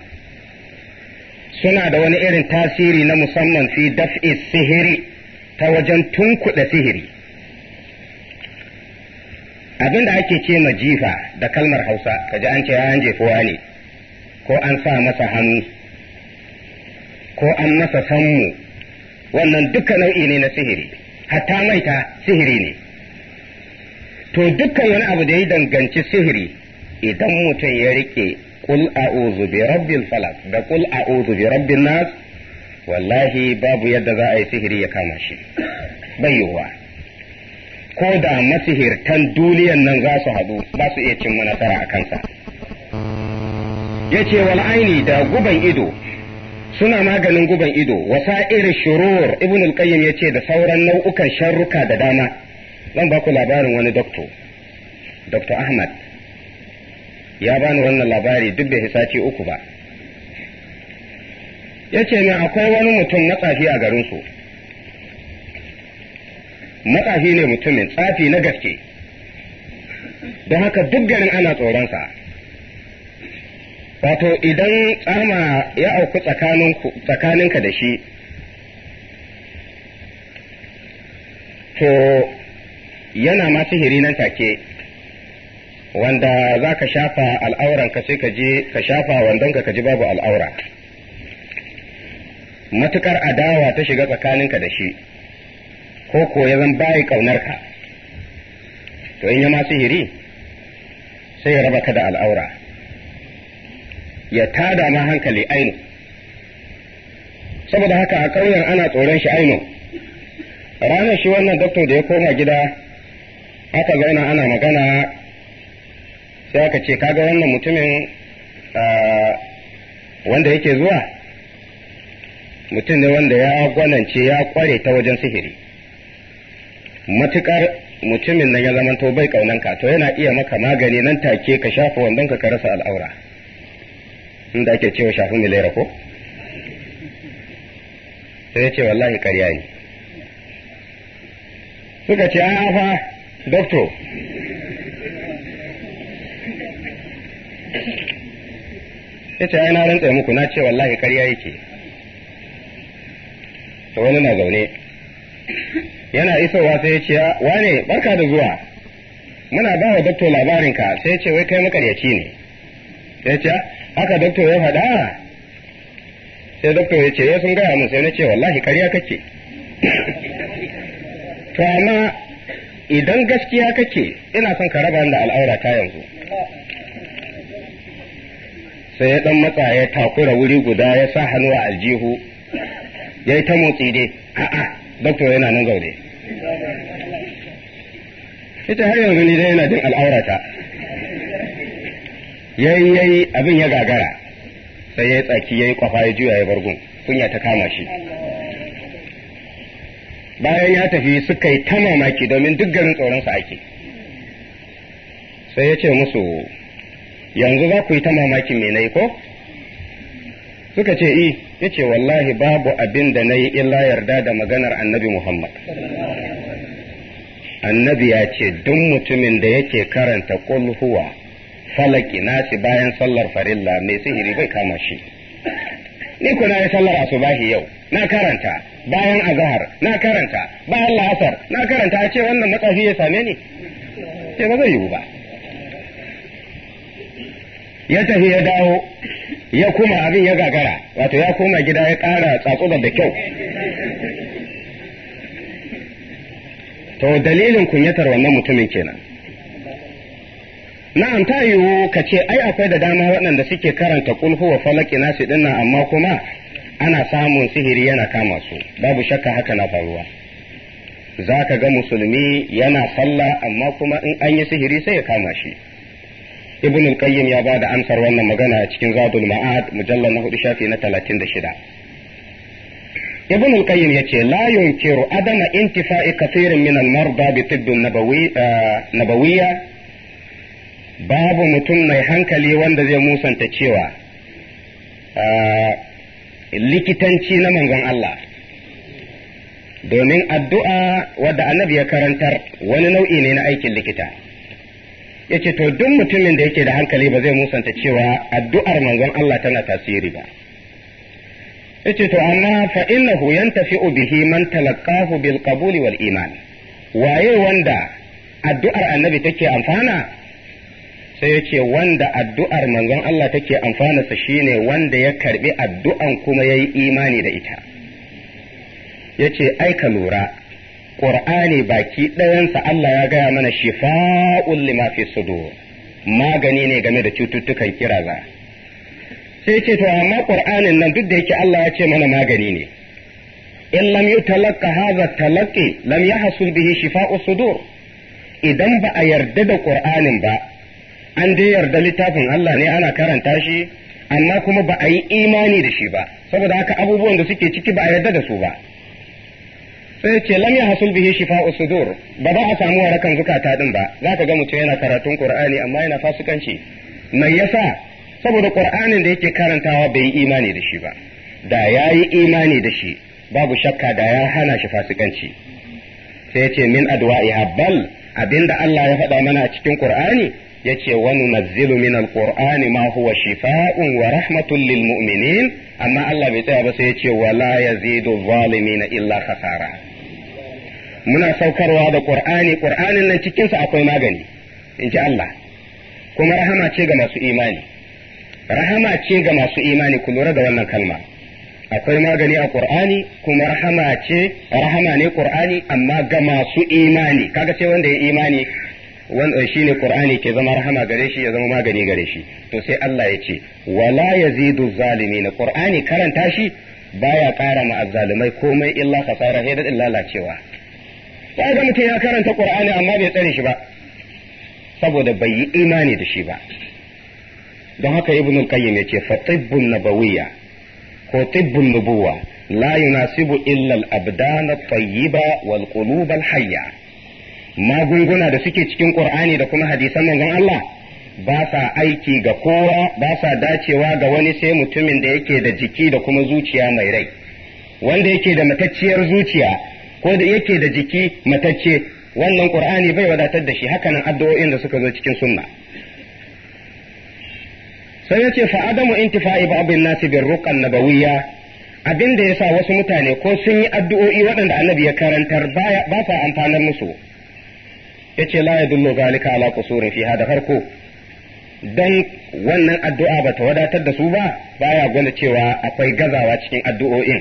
suna da wani irin tasiri na musamman fi daf'i sihiri ta wajen tunkuɗa sihiri abinda ake ce ma jifa da kalmar hausa kaji an ce an jefuwa ne ko an sa masa hannu ko an masa sammu wannan duka nau'i ne na sihiri hatta maita sihiri ne to dukkan wani abu da ya danganci sihiri idan mutum ya riƙe kul a'udhu bi rabbil falaq da ƙul a'udhu bi nas wallahi babu yadda za a yi sihiri ya kama shi bai yiwuwa ko da masihirtan duniyan nan za su haɗu ba su iya cin nasara a kansa ya ce wal'aini da guban ido suna maganin guban ido wasa irin shurur ibn al-qayyim ya ce da sauran nau'ukan sharruka da dama zan ba ku labarin wani doktor dr ahmad ya bani wannan labari duk da hisaci uku ba ya ce na akwai wani mutum na tsafi a garinsu matsafi ne mutumin tsafi na gaske don haka duk garin ana tsoronsa wato idan tsama ya auku tsakaninka da shi to yana ma sihiri nan take wanda za ka shafa al'auranka sai ka je ka shafa wandonka ka ji babu al'aura matukar adawa ta shiga tsakaninka da shi ko ko ya zan bayi ka to in ya ma sihiri sai ya raba ka da al'aura ya tada ma hankali ainu saboda haka a ƙauyen ana tsoron shi ainu ranar shi wannan doktor da ya koma gida aka zauna ana magana sai aka ce kaga wannan mutumin ah, wanda yake zuwa mutum ne wanda ya gwanance ya kware ta wajen sihiri matukar mutumin nan ya to bai kaunanka to yana iya maka magani nan take ka shafa wandon ka rasa al'aura inda ake cewa shafi milera ko sai ya ce wallahi karya ne suka ce an fa doctor ya ce ai na rantsa muku na ce wallahi karya yake wani na zaune yana isowa sai ya ce wane barka da zuwa muna ba wa dokto labarinka sai ya ce wai kai makaryaci ne sai ya ce haka dokto ya faɗa sai dokto ya ce ya eh, sun gaya min sai na ce wallahi karya kake <laughs> to amma idan gaskiya kake ina son ka raba da al'aura ta yanzu sai ya dan matsa ya takura wuri guda ya sa hannu a aljihu ya yi ta motsi dai <clears throat> doktor yana nan zaune ita har yanzu ni dai yana jin al'aurata yayi yayi abin ya gagara sai ya yi tsaki ya yi kwafa ya juya ya bargun kunya ta kama shi bayan ya tafi suka yi ta mamaki domin duk garin tsoronsa ake sai ya ce musu yanzu za ku yi ta mamaki me na ko suka ce i yace wallahi babu abin da na yi illa yarda da maganar annabi Muhammad annabi ya ce duk mutumin da yake karanta qul huwa falaki nasi bayan sallar farilla mai sihiri bai kama shi ni kuna yi sallar asubahi yau na karanta bayan azahar na karanta bayan la'asar na karanta a ce wannan matsafi ya same ni ce ba zai yiwu ba ya tafi ya dawo ya kuma abin ya gagara wato ya koma gida ya ƙara tsatsuban da kyau to dalilin kunyatar wannan mutumin kenan na'am ta yiwu ka ce ai akwai da dama waɗanda suke karanta kulhu wa falaki nasu dinnan amma kuma ana samun sihiri yana kama su babu shakka haka na faruwa za ka ga musulmi yana sallah amma kuma in an yi sihiri sai ya kama shi ibn al-qayyim ya bada amsar wannan magana a cikin zadul ma'ad mujallal na hudu shafi na 36 ibn al-qayyim yace la yunkiru adama intifa'i kathirin min al-marda bi tibb eh, nabawiyya babu mutum mai hankali wanda zai musanta cewa eh, likitanci na manzon Allah domin addu'a wadda annabi ya karantar wani nau'i ne na aikin likita yace to duk mutumin da yake da hankali ba zai musanta cewa addu'ar manzon Allah tana tasiri ba yace to amma fa innahu yantafi'u bihi man talaqahu bil qabuli wal iman waye wanda addu'ar annabi take amfana sai yace wanda addu'ar manzon Allah take amfana sa shine wanda ya karbi addu'an kuma yayi imani da ita yace ce aika lura ƙur'ani baki ɗayansa Allah ya gaya mana shifa'un lima fi sudur magani ne game da cututtukan kiraza sai ce to amma ƙur'anin nan duk da yake Allah ya ce mana magani ne in lam yutalaqqa hadha talaqqi lam yahsul bihi shifa'u sudur idan ba a yarda da ƙur'anin ba an dai yarda littafin Allah ne ana karanta shi amma kuma ba a yi imani da shi ba saboda haka abubuwan da suke ciki ba a yarda da su ba sai ce lam ya hasul bihi shifa'u sudur ba za a samu warakan zukata din ba za ka ga mutum yana karatun qur'ani amma yana fasukanci. mai yasa saboda qur'anin da yake karantawa bai yi imani da shi ba da ya yi imani da shi babu shakka da ya hana shi fasikanci sai ce min adwa'iha bal abinda Allah ya faɗa mana a cikin qur'ani yace wa nunazzilu min alqur'ani ma huwa shifa'un wa rahmatun lil mu'minin amma Allah bai tsaya ba sai yace wala yazidu zalimina illa khasara muna saukarwa da qur'ani qur'anin nan cikin sa akwai magani in ji Allah kuma rahama ce ga masu imani rahama ce ga masu imani ku lura da wannan kalma akwai magani a qur'ani kuma rahama ce rahama ne qur'ani amma ga masu imani kaga sai wanda ya imani wanda shi ne qur'ani ke zama rahama gare shi ya zama magani gare shi to sai Allah ya ce wala yazidu zalimin qur'ani karanta shi baya ƙara ma azzalimai komai illa khasara sai da lalacewa sai ga mutum ya karanta qur'ani amma bai tsare shi ba saboda bai yi imani da shi ba don haka ibn al-qayyim yace fa tibbun nabawiyya ko tibbun nubuwa la yunasibu illa al-abdan at-tayyiba wal qulub al-hayya magunguna da suke cikin qur'ani da kuma hadisan manzon Allah ba sa aiki ga kowa ba sa dacewa ga wani sai mutumin da yake da jiki da kuma zuciya mai rai wanda yake da matacciyar zuciya ko da yake da jiki matacce wannan qur'ani bai wadatar da shi hakanan addu'o'in da suka zo cikin sunna sai yace fa adamu intifa'i ba'dhin nasi bir ruqan nabawiyya abin da yasa wasu mutane ko sun yi addu'o'i waɗanda annabi ya karantar ba sa amfanar musu yace la yadullu zalika ala qusurin fiha da farko dan wannan addu'a ba ta wadatar da su ba baya gwada cewa akwai gazawa cikin addu'o'in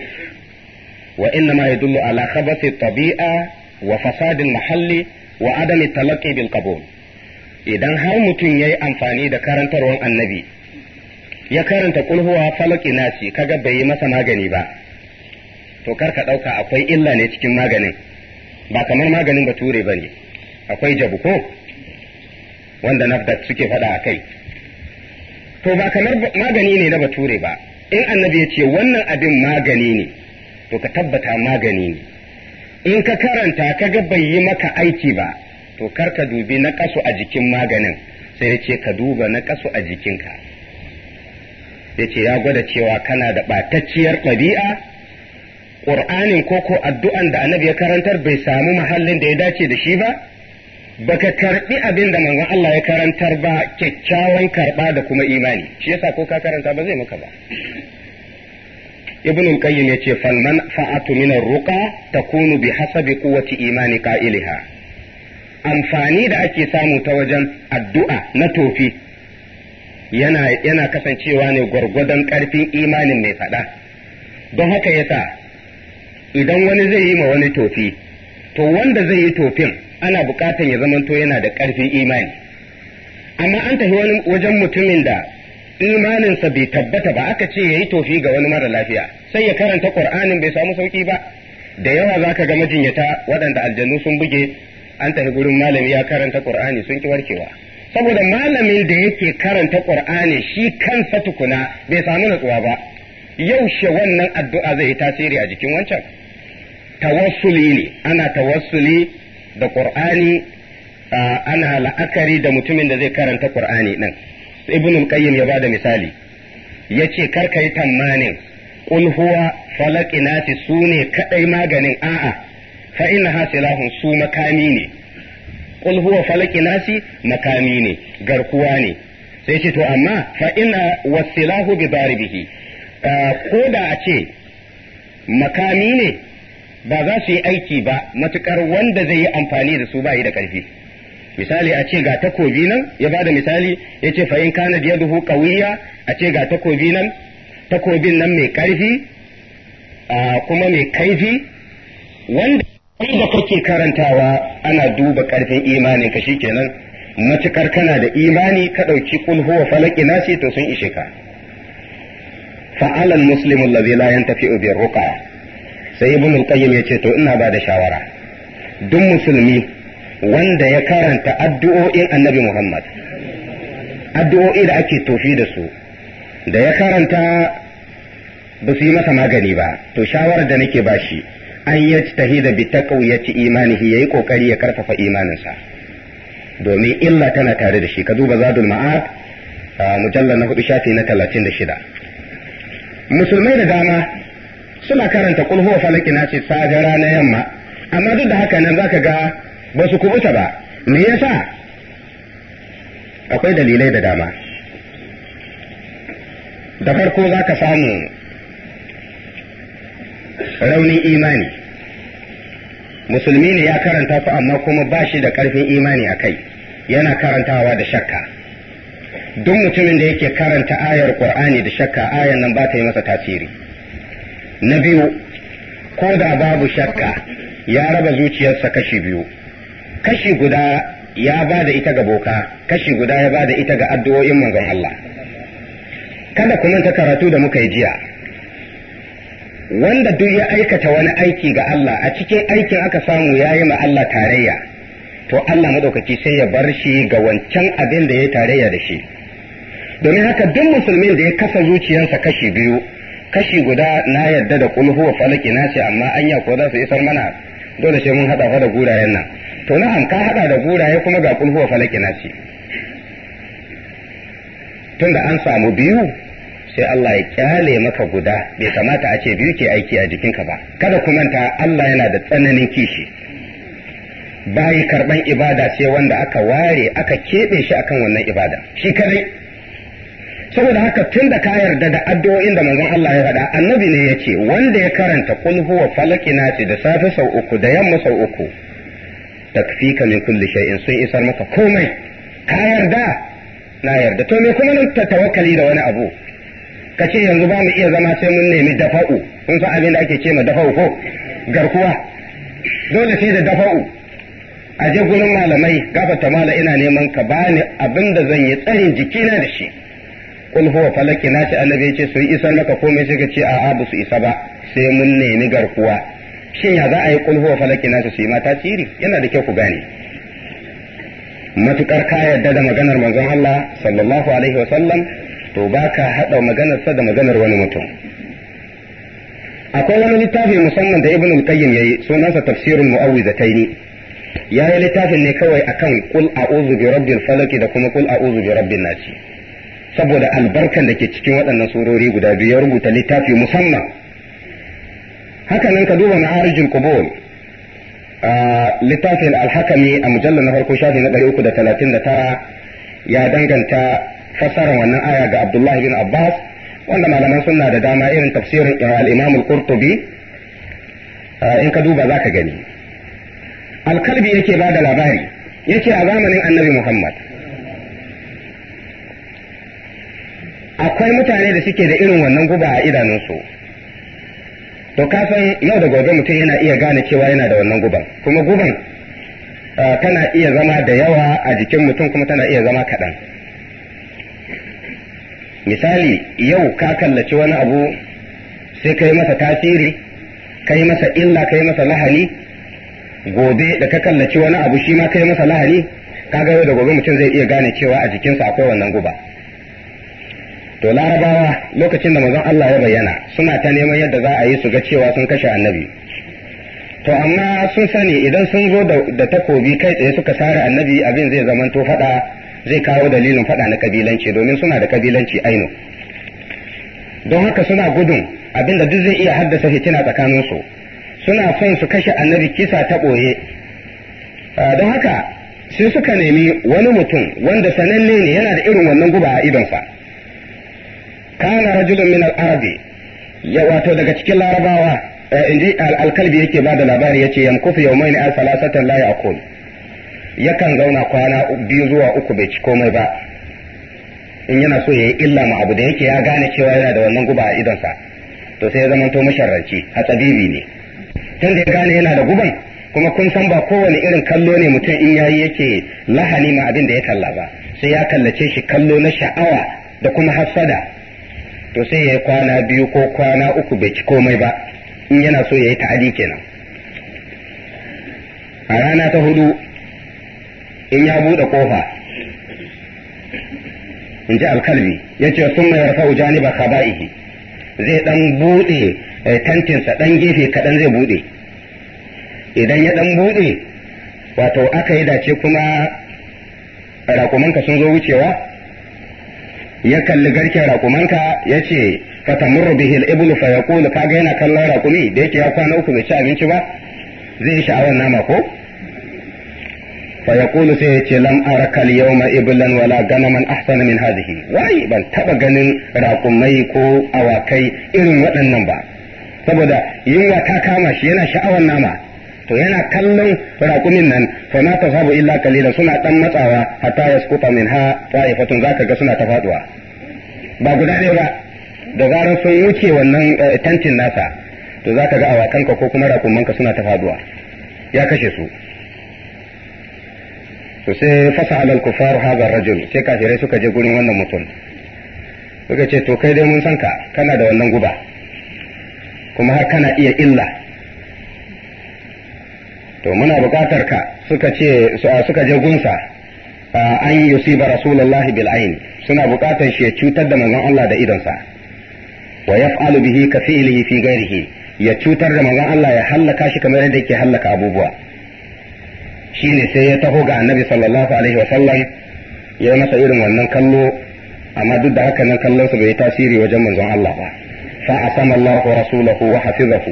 وإنما يدل على خبث الطبيعة وفساد المحل وعدم التلقي بالقبول idan har mutum ya yi amfani da karantarwar annabi ya karanta kulhuwa falaki nasi kaga bai yi masa magani ba to kar ka ɗauka akwai illa ne cikin maganin ba kamar maganin bature ba ne akwai jabu ko wanda nafdat suke faɗa a kai to ba kamar magani ne na bature ba in annabi ya ce wannan abin magani ne to ka tabbata magani ne in ka karanta ka ga bai yi maka aiki ba to kar ka dubi na kasu a jikin maganin sai ya ce ka duba na kaso a jikinka ya ce ya gwada cewa kana da ɓatacciyar ɗabi'a ƙur'anin ko ko addu'an da annabi ya karantar bai samu mahallin da ya dace da shi ba baka karɓi abin da manzon Allah ya karantar ba kyakkyawan karɓa da kuma imani shi yasa ko ka karanta ba zai maka ba ibn al-qayyim yace fal manfa'atu min ar-ruqa takunu bi hasabi quwwati imani qa'iliha amfani da ake samu ta wajen addu'a na tofi yana yana kasancewa ne gwargwadon karfin imanin mai fada don haka yasa idan wani zai yi ma wani tofi to wanda zai yi tofin ana bukatan ya zamanto yana da karfin imani amma an tafi wajen mutumin da imaninsa bai tabbata ba aka ce ya yi tofi ga wani mara lafiya sai ya karanta ƙur'anin bai samu sauki ba da yawa za ka ga majinyata waɗanda aljanu sun buge an tafi gurin malami ya karanta ƙur'ani sun ki warkewa saboda malamin da yake karanta ƙur'ani shi kansa tukuna bai samu natsuwa ba yaushe wannan addu'a zai yi tasiri a jikin wancan tawassuli ne ana tawassuli da ƙur'ani ana la'akari da mutumin da zai karanta ƙur'ani ɗin. ibn al-qayyim ya bada misali yace kar kai tamanin qul huwa falaqi nasi sune kadai maganin a'a fa ha silahu su makami ne qul huwa nasi makami ne garkuwa ne sai ce to amma fa inna wasilahu bi daribihi ko da a ce makami ne ba za su yi aiki ba matukar wanda zai yi amfani da su ba yi da karfi misali a ce ga takobi nan ya bada misali ya ce fa'in kana da yaduhu a ce ga takobi nan takobin nan mai karfi kuma mai kaifi wanda da kake karantawa ana duba ƙarfin imanin ka kenan matukar kana da imani ka ɗauki kul huwa falaki nasi to sun ishe ka fa'alan al-muslimu alladhi la bi sai ibn al-qayyim yace to ina ba da shawara duk musulmi wanda ya karanta addu'o'in annabi Muhammad addu'o'i da ake tofi da su da ya karanta ba su yi masa magani ba to shawarar da nake bashi an ya tafi da bitaqaw ya ci imanihi yayi kokari ya karfafa imaninsa domin illa tana tare da shi ka duba zadul ma'ad mujalla na hudu shafi na talatin da shida musulmai da dama suna karanta kulhu wa falaki na ce safe na yamma amma duk da haka nan za ka ga ba su kubuta ba me yasa akwai dalilai da dama da farko za ka samu raunin imani musulmi ne ya karanta ku amma kuma ba shi da ƙarfin imani a kai yana karantawa da shakka duk mutumin da yake karanta ayar ƙur'ani da shakka ayar nan ba ta yi masa tasiri na biyu ko da babu shakka ya raba zuciyarsa kashi biyu kashi guda ya ba da ita ga boka kashi guda ya ba da ita ga addu'o'in manzon Allah kada ku ta karatu da muka yi jiya wanda duk ya aikata wani aiki ga Allah a cikin aikin aka samu ya yi ma Allah tarayya to Allah madaukaki sai ya bar shi ga wancan abin da ya tarayya da shi domin haka duk musulmin da ya kasa zuciyarsa kashi biyu kashi guda na yadda da kulhuwa falaki na ce amma anya ko za su isar mana dole sai mun haɗa fa da gurayen nan to an ka hada da guraye kuma ga kulhuwa falaki nasi tunda an samu biyu sai Allah ya kyale maka guda bai kamata a ce biyu ke aiki a jikinka ba kada ku manta Allah yana da tsananin kishi bayi karban ibada ce wanda aka ware aka keɓe shi akan wannan ibada shi kaɗai saboda haka tun da ka yarda da addu'o'in da manzon Allah ya faɗa annabi ne ya ce wanda ya karanta kulhu wa falaki nasi da safe sau uku da yamma sau uku takfika min kulli shay'in sun isar maka komai ka yarda na yarda to me kuma nan ta tawakkali da wani abu kace yanzu ba mu iya zama sai mun nemi dafa'u kun san abin da ake ce ma dafa'u ko garkuwa dole sai da dafa'u a je gurin malamai ta mala ina neman ka bani abin da zan yi tsarin jikina da shi kul huwa falaki na ce annabi ya ce sun isar maka komai sai ka ce a'a ba su isa ba sai mun nemi garkuwa shin ya za a yi kulhu wa falaki na, su ma tasiri yana da kyau ku gane matukar ka yarda da maganar manzon Allah sallallahu alaihi wa sallam to baka hada maganar sa da maganar wani mutum akwai wani littafi musamman da ibn al-qayyim yayi sunansa tafsirul mu'awwidataini yayi yi littafin ne kawai akan kul a'udhu bi rabbil falaki da kuma kul a'udhu bi rabbin nasi saboda albarkan da ke cikin waɗannan surori guda biyu ya rubuta littafi musamman haka nan ka duba ma'arijin qubul littafin alhakami a mujallar na farko shafi na 339 ya danganta fassarar wannan aya ga Abdullahi bin Abbas wanda malaman sunna da dama irin tafsirin eh, al-Imam al-Qurtubi eh, in ka duba zaka gani alkalbi yake ba da labari yake a zamanin annabi Muhammad akwai mutane da suke da irin wannan guba a idanunsu to ka san yau da gobe mutum yana iya gane cewa yana da wannan guban kuma guban tana iya zama da yawa a jikin mutum kuma tana iya zama kaɗan misali yau ka kallaci wani abu sai ka yi masa tasiri ka yi masa illa ka yi masa lahani gobe da ka kallaci wani abu shi ma ka yi masa lahani kaga yau da gobe mutum zai iya gane cewa a jikinsa akwai wannan guba to larabawa lokacin da manzon Allah ya bayyana suna ta neman yadda za a yi su ga cewa sun kashe annabi to amma sun sani idan sun zo da takobi kai tsaye suka sare annabi abin zai zamanto fada zai kawo dalilin fada na kabilanci domin suna da kabilanci aino don haka suna gudun abin da duk zai iya haddasa fitina su suna son su kashe annabi kisa ta ɓoye don haka sai suka nemi wani mutum wanda sananne ne yana da irin wannan guba a idonsa kana rajulun min wato daga cikin larabawa eh, inji al-kalbi yake ba da labari yace yamkufu yawmayn al salasatan la yaqul yakan zauna kwana biyu zuwa uku bai ci komai ba in yana so ya yi illa ma da yake ya gane cewa yana da wannan guba a idonsa to sai ya zamanto masharranci a tsabibi ne tun da ya gane yana da guban kuma kun san ba kowane irin kallo ne mutum in ya yi yake lahani ma abin da ya kalla ba sai ya kallace shi kallo na sha'awa da kuma hassada to sai ya yi kwana biyu ko kwana uku bai ci komai ba in yana so ya yi ta'adi kenan a rana ta hudu in ya buɗe kofa in ji alkalbi ya ce sun mai yarfa janiba kaba'ihi zai dan buɗe eh, tantinsa dan gefe kaɗan zai buɗe idan ya dan buɗe wato aka yi dace kuma rakumanka sun zo wucewa ya kalli garken rakumanka ya ce fatamurru bihi al ibulu fa yaqulu kaga yana kallon rakumi da yake ya kwana uku bai ci abinci ba zai yi sha'awar nama ko fa yaqulu sai ya ce lam araka yau yawma iblan wala ganaman ahsana min hadhihi wai ban taba ganin rakumai ko awakai irin waɗannan ba saboda yunwa ta kama shi yana sha'awar nama to yana kallon raƙumin nan fa ta illa kalilan suna ɗan matsawa hatta min ha ta'ifatun zaka ga suna ta ba guda ne ba da zarar sun wuce wannan eh, tantin nasa to zaka ga awakanka ko kuma raƙumanka suna ta faduwa ya kashe su to sai fasa alal kufar haza rajul sai kafirai suka je gurin wannan mutum suka ce to kai dai mun san ka kana da wannan guba kuma har kana iya illa to muna bukatar ka suka ce suka je gunsa an yi yusiba rasulullahi bil ain suna bukatar shi ya cutar da manzon Allah da idonsa wa yaf'alu bihi ka fi'lihi fi ghairihi ya cutar da manzon Allah ya hallaka shi kamar yadda yake hallaka abubuwa shine sai ya taho ga annabi sallallahu alaihi wa sallam ya masa irin wannan kallo amma duk da haka nan kallon sa bai tasiri wajen manzon Allah ba فعصم الله رسوله وحفظه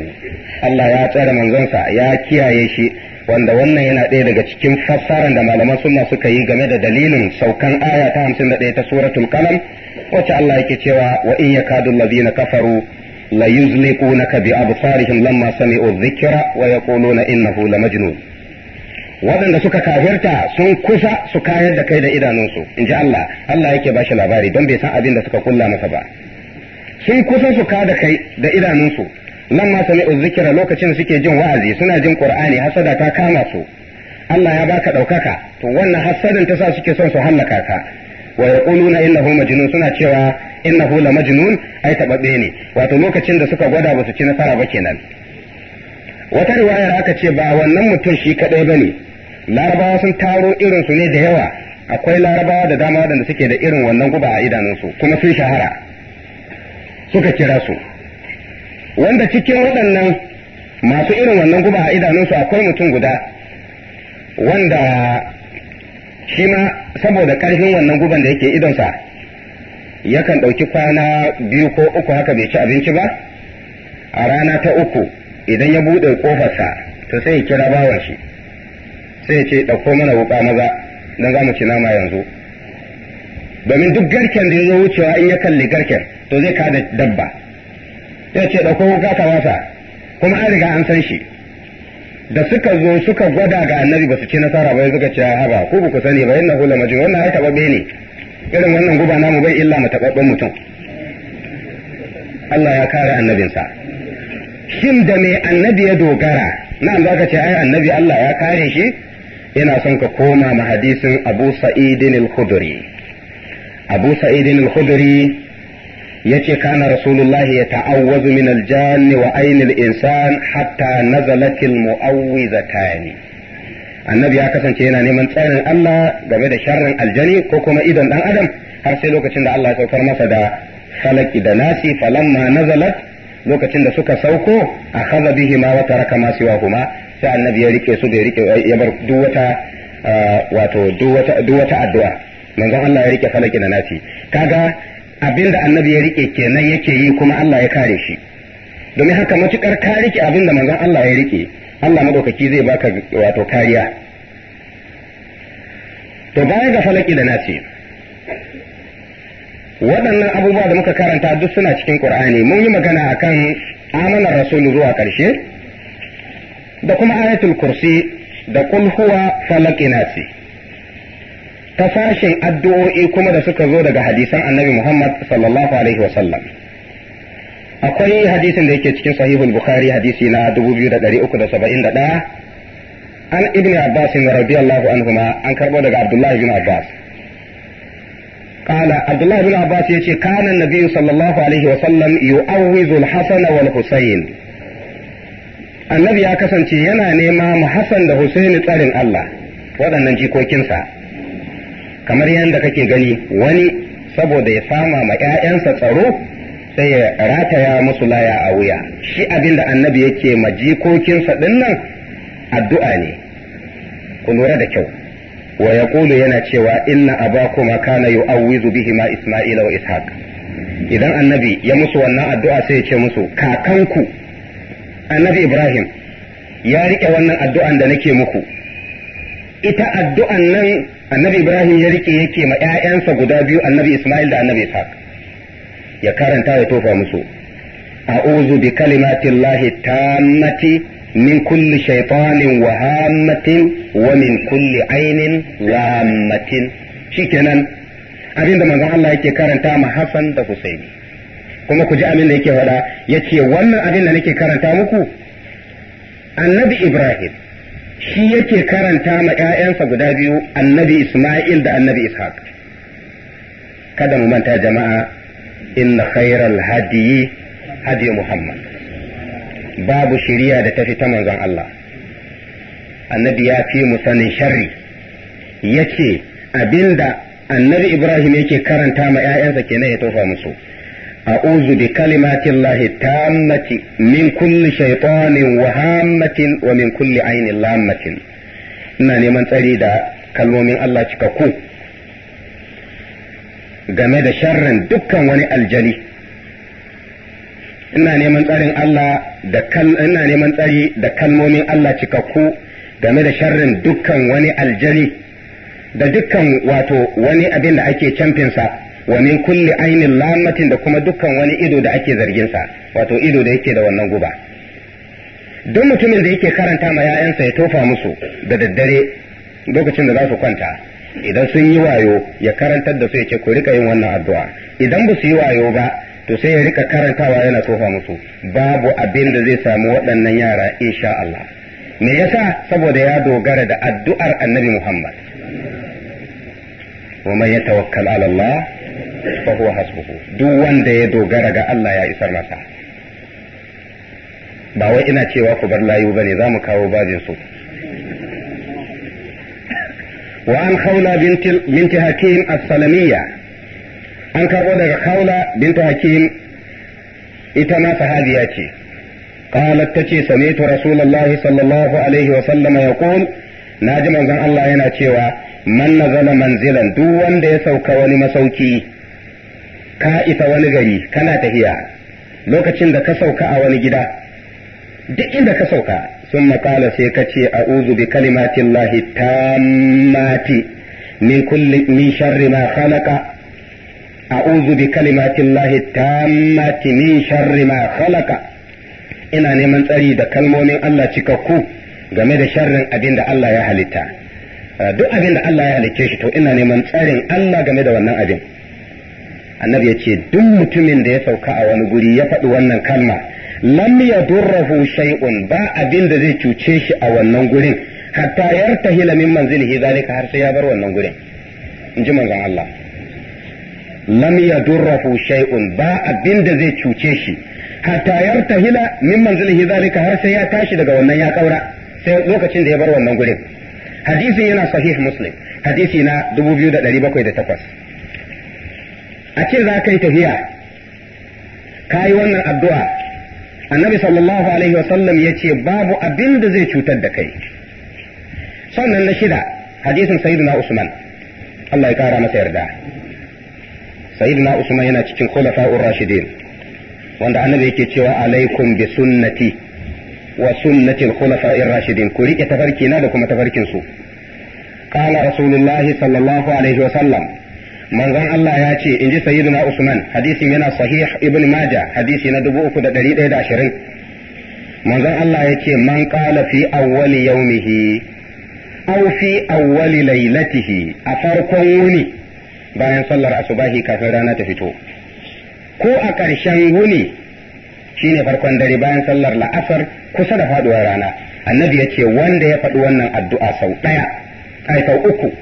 الله يا ترى من زنسا يا كيا يشي wanda wannan yana ɗaya daga cikin fassarar da malaman sunna suka yi game da dalilin saukan aya ta hamsin da ɗaya ta suratul kalam wacce Allah yake cewa wa in yakadu allazina kafaru la yuzliqunaka bi absarihim lamma sami'u dhikra wa yaquluna innahu lamajnun waɗanda suka kafirta sun kusa su kayar da kai da idanunsu in ji Allah Allah yake ba labari don bai san abin da suka kulla masa ba sun kusa su kada kai da idanunsu lamma sami zikira lokacin suke jin wa'azi suna jin qur'ani hasada ta kama su Allah ya baka ɗaukaka to wannan hassadin ta sa suke son su hallaka ka wa yaquluna innahu majnun suna cewa innahu la majnun ai tababe ne wato lokacin da suka gwada ba su ci nasara ba kenan wata riwayar aka ce ba wannan mutum shi kadai bane larabawa sun taro irinsu ne da yawa akwai larabawa da dama da suke da irin wannan guba a idanunsu kuma sun shahara suka kira su wanda cikin waɗannan masu irin wannan guba a idanunsu akwai mutum guda wanda shi ma saboda ƙarfin wannan guban da yake idonsa yakan ɗauki kwana biyu ko uku haka bai ci abinci ba a rana ta uku idan ya buɗe ƙofarsa to sai ya kira bawan shi sai ya ce ɗauko mana wuƙa maza don za mu ci nama yanzu domin duk garken da ya zo wucewa in ya kalli garken to zai kada dabba ya ce ɗauko wuka ka wasa kuma an riga an san shi da suka zo suka gwada ga annabi ba su ci nasara ba ya zuka ce haba ku ba ku sani ba yana hula majnun wannan ai tababe ne irin wannan guba namu bai illa mu tababben mutum Allah ya kare annabinsa shin da me annabi ya dogara na'am zaka ce ai annabi Allah ya kare shi yana son ka koma ma hadisin Abu Sa'id al-Khudri abu sa'idin al-khudri yace kana rasulullahi ya ta'awwazu min aljanni wa ainil insan hatta nazalatil mu'awwizatani annabi ya kasance yana neman tsarin Allah game da sharrin aljani ko kuma idon dan adam har sai lokacin da Allah ya saukar masa da falaki da nasi falamma nazalat lokacin da suka sauko a kaza bihi ma wata raka ma siwa kuma sai annabi ya rike su bai rike ya bar duk wata uh, wato duk wata addu'a manzon Allah ya rike falaki da nasi kaga abinda annabi ya rike kenan yake yi kuma Allah ya kare shi domin haka matukar ka rike abinda manzon Allah ya rike Allah madaukaki zai baka wato kariya to baya ga falaki da nasi waɗannan abubuwa da muka karanta duk suna cikin Qur'ani mun yi magana akan amanar rasulu zuwa ƙarshe da kuma ayatul kursi da kul huwa falaki nasi ta sashen addu'o'i kuma da suka zo daga hadisan annabi Muhammad sallallahu alaihi wasallam akwai hadisin da yake cikin sahihul bukhari hadisi na 2371 an ibn abbas radiyallahu anhuma an karbo daga abdullahi bin abbas قال عبد الله بن عباس يتي كان النبي صلى الله عليه وسلم يؤوذ الحسن والحسين annabi ya kasance yana nema mu Hassan da Husaini tsarin Allah waɗannan jikokinsa kamar yadda kake gani wani saboda ya sama ma ƴaƴansa tsaro sai ya rataya musu laya a wuya shi abinda annabi yake ma jikokinsa dinnan addu'a ne ku lura da kyau wa yaqulu yana cewa inna abakuma kana yu'awwizu bihi ma isma'ila wa ishaq idan annabi ya musu wannan addu'a sai ya ce musu kakanku annabi ibrahim ya rike wannan addu'an da nake muku ita addu'an nan annabi Ibrahim ya rike yake ma ‘ya'yansa guda biyu annabi Ismail da annabi Ishaq ya karanta ya tofa musu uzu bi kalimatin lahi tammati min kulli shaitanin wa hammatin wa min kulli ainin lammatin shikenan abinda manzon Allah yake karanta ma Hassan da Husaini kuma ku ji abin da yake faɗa ce wannan abin da nake karanta muku annabi Ibrahim shi yake karanta ma ‘ya'yansa guda biyu annabi Ismail da annabi Ishaq. Kada mu manta jama'a inna khairal hadiyi hadiyu Muhammad. Babu shiriya da tafi ta manzon Allah. Annabi ya fi mu sanin sharri. Yace abinda annabi Ibrahim yake karanta ma ‘ya'yansa kenan ya tofa musu. أعوذ بكلمات الله التامة من كل شيطان وهامة ومن كل عين لامة ina neman tsari da kalmomin Allah cikakku game da sharrin dukkan wani aljani ina neman tsarin Allah da ina neman tsari da kalmomin Allah cikakku game da sharrin dukkan wani aljani da dukkan wato wani abin da ake camfinsa wa min kulli ainin lamatin da kuma dukkan wani ido da ake zarginsa wato ido da yake da wannan guba don mutumin da yake karanta ma 'ya'yansa ya tofa musu da daddare lokacin da za su kwanta idan sun yi wayo ya karantar da su ya ce ku rika yin wannan addu'a idan ba su yi wayo ba to sai ya rika karantawa yana tofa musu babu abin da zai samu waɗannan yara insha Allah me yasa saboda ya dogara da addu'ar annabi Muhammad wa man yatawakkal ala Allah fa huwa hasbuhu duk wanda ya dogara ga Allah ya isar masa ba wai ina cewa ku bar layu bane za mu kawo bajin su wa an khawla binti hakim as-salamiyya an karbo daga khawla binti hakim ita ma sahabiya ce قالت تتي سمعت رسول الله صلى الله عليه وسلم يقول ناجم من الله هنا تيوا من نزل منزلا دو وند يسوك ولي مسوكي ka isa wani gari kana tahiya lokacin da ka sauka a wani gida duk inda ka sauka sun makala sai ka ce a uzu bi kalimatin lahi tammati min kulli min sharri ma khalaqa a'udhu bi kalimatin lahi tammati min sharri ma khalaqa ina neman tsari da kalmomin Allah cikakku game da sharrin abin da Allah ya halitta duk abin da Allah ya halicce shi to ina neman tsarin Allah game da wannan abin annabi ya ce duk mutumin da ya sauka a wani guri ya faɗi wannan kalma lam durrahu shay'un ba abin da zai cuce shi a wannan gurin hatta yartahila min manzilihi zalika har sai ya bar wannan gurin in ji manzon Allah lam durrahu shay'un ba abin da zai cuce shi hatta yartahila min manzilihi zalika har sai ya tashi daga wannan ya kaura sai lokacin da ya bar wannan gurin hadisi yana sahih muslim hadisi na 2708 a ce za ka yi tafiya ka yi wannan addu'a annabi sallallahu alaihi wasallam ya ce babu abin da zai cutar da kai sannan na shida hadisin sayyidina usman Allah ya kara masa yarda sayyidina usman yana cikin khulafa'ur rashidin wanda annabi yake cewa alaikum bi sunnati wa sunnati al-khulafa'ir rashidin ku rike tafarki na da kuma tafarkin su qala rasulullahi sallallahu alaihi sallam. manzon Allah ya ce in ji sayyiduna Usman hadisin yana sahih ibn Majah hadisi na 3120 manzon Allah ya ce man qala fi awwali yawmihi aw fi awwali laylatihi a farkon wuni bayan sallar asubahi kafin rana ta fito ko a ƙarshen wuni shine farkon dare bayan sallar la'asar kusa da faduwar rana annabi ya ce wanda ya faɗi wannan addu'a sau ɗaya ai sau uku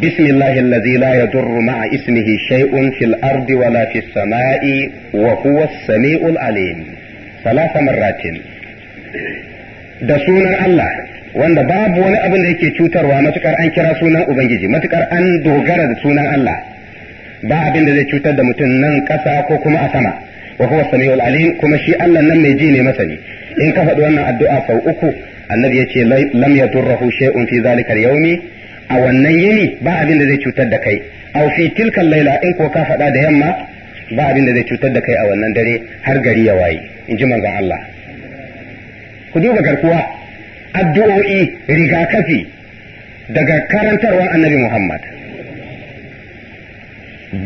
بسم الله الذي لا يضر مع اسمه شيء في الأرض ولا في السماء وهو السميع العليم ثلاث مرات da sunan Allah wanda babu wani abin da yake cutarwa matukar an kira sunan Ubangiji matukar an dogara da sunan Allah ba abin da zai cutar da mutum nan ƙasa ko kuma a sama wa huwa samiul alim kuma shi Allah nan mai ji ne masani in ka faɗi wannan addu'a sau uku annabi yace lam yadurruhu shay'un fi zalika al-yawmi a wannan yini ba abin da zai cutar da kai aw fi tilkan laila in ko ka faɗa da yamma ba abin da zai cutar da kai a wannan dare har gari ya waye in ji manzon Allah ku duba garkuwa addu'o'i rigakafi daga karantarwa annabi Muhammad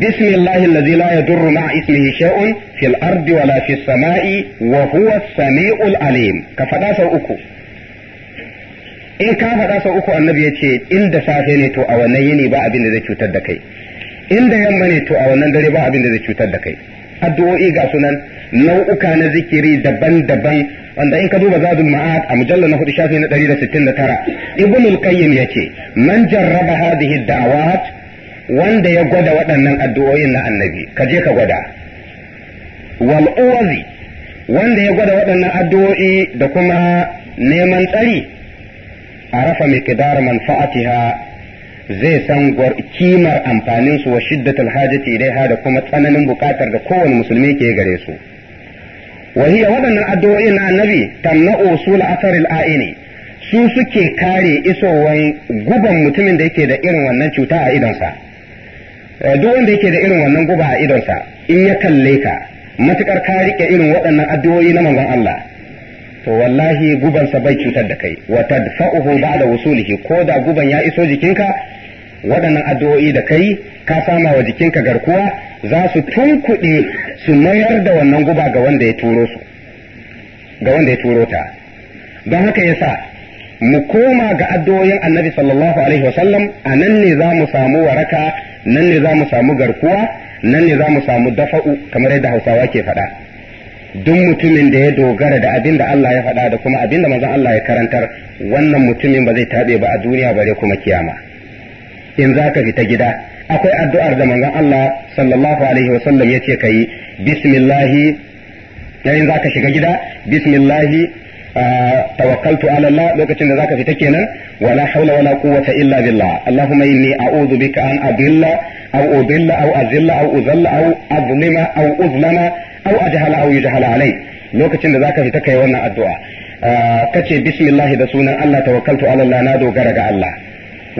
بسم الله الذي لا يضر مع اسمه شيء في الأرض ولا في السماء وهو السميع العليم كفدا أكو in ka faɗa sau uku annabi ya ce inda safe ne to a wannan yini ba abin da zai cutar da kai inda yamma ne to a wannan dare ba abin da zai cutar da kai addu'o'i ga sunan nau'uka na zikiri daban-daban wanda in ka duba zadul ma'ad a mujallar na hudu shafi na 169 ibnul qayyim ce man jarraba hadhihi da'awat wanda ya gwada waɗannan addu'o'in na annabi ka je ka gwada wal wanda ya gwada waɗannan addu'o'i da kuma neman tsari arafa miqdar manfa'atiha zai san kimar amfanin su wa shiddatul hajati ilaiha da kuma tsananin bukatar da kowane musulmi ke gare su wa hiya wadannan addu'o'in na annabi tamna usul atharil aini su suke kare isowan guban mutumin da yake da irin wannan cuta a sa. Eh, duk wanda yake da irin wannan guba a sa in ya kalle ka matukar ka rike irin waɗannan addu'o'i na manzon Allah to wallahi gubansa bai cutar da kai wa tadfa'uhu ba'da wusulihi ko da guban ya iso jikinka waɗannan addu'o'i da kai ka sama wa jikinka garkuwa za su tunkuɗe su mayar da wannan guba ga wanda ya turo su ga wanda ya turo ta don haka yasa mu koma ga addu'o'in annabi sallallahu alaihi wasallam a nan ne za mu samu waraka nan ne za mu samu garkuwa nan ne za mu samu dafa'u kamar yadda hausawa ke faɗa duk mutumin da ya dogara da abin da Allah ya faɗa da kuma abin da manzon Allah ya karantar wannan mutumin ba zai taɓe ba a duniya bare kuma kiyama in za ka fita gida akwai addu'ar da manzon Allah sallallahu alaihi wa sallam yace kai bismillahi yayin za ka shiga gida bismillahi tawakkaltu ala Allah lokacin da zaka fita kenan wala haula wala quwwata illa billah allahumma inni a'udhu bika an adilla aw udilla aw azilla aw uzalla aw azlima aw uzlama aw ajhala aw yujhala alai lokacin da zaka fita kai wannan addu'a ah, kace bismillah da sunan Allah tawakkaltu ala Allah na dogara ga Allah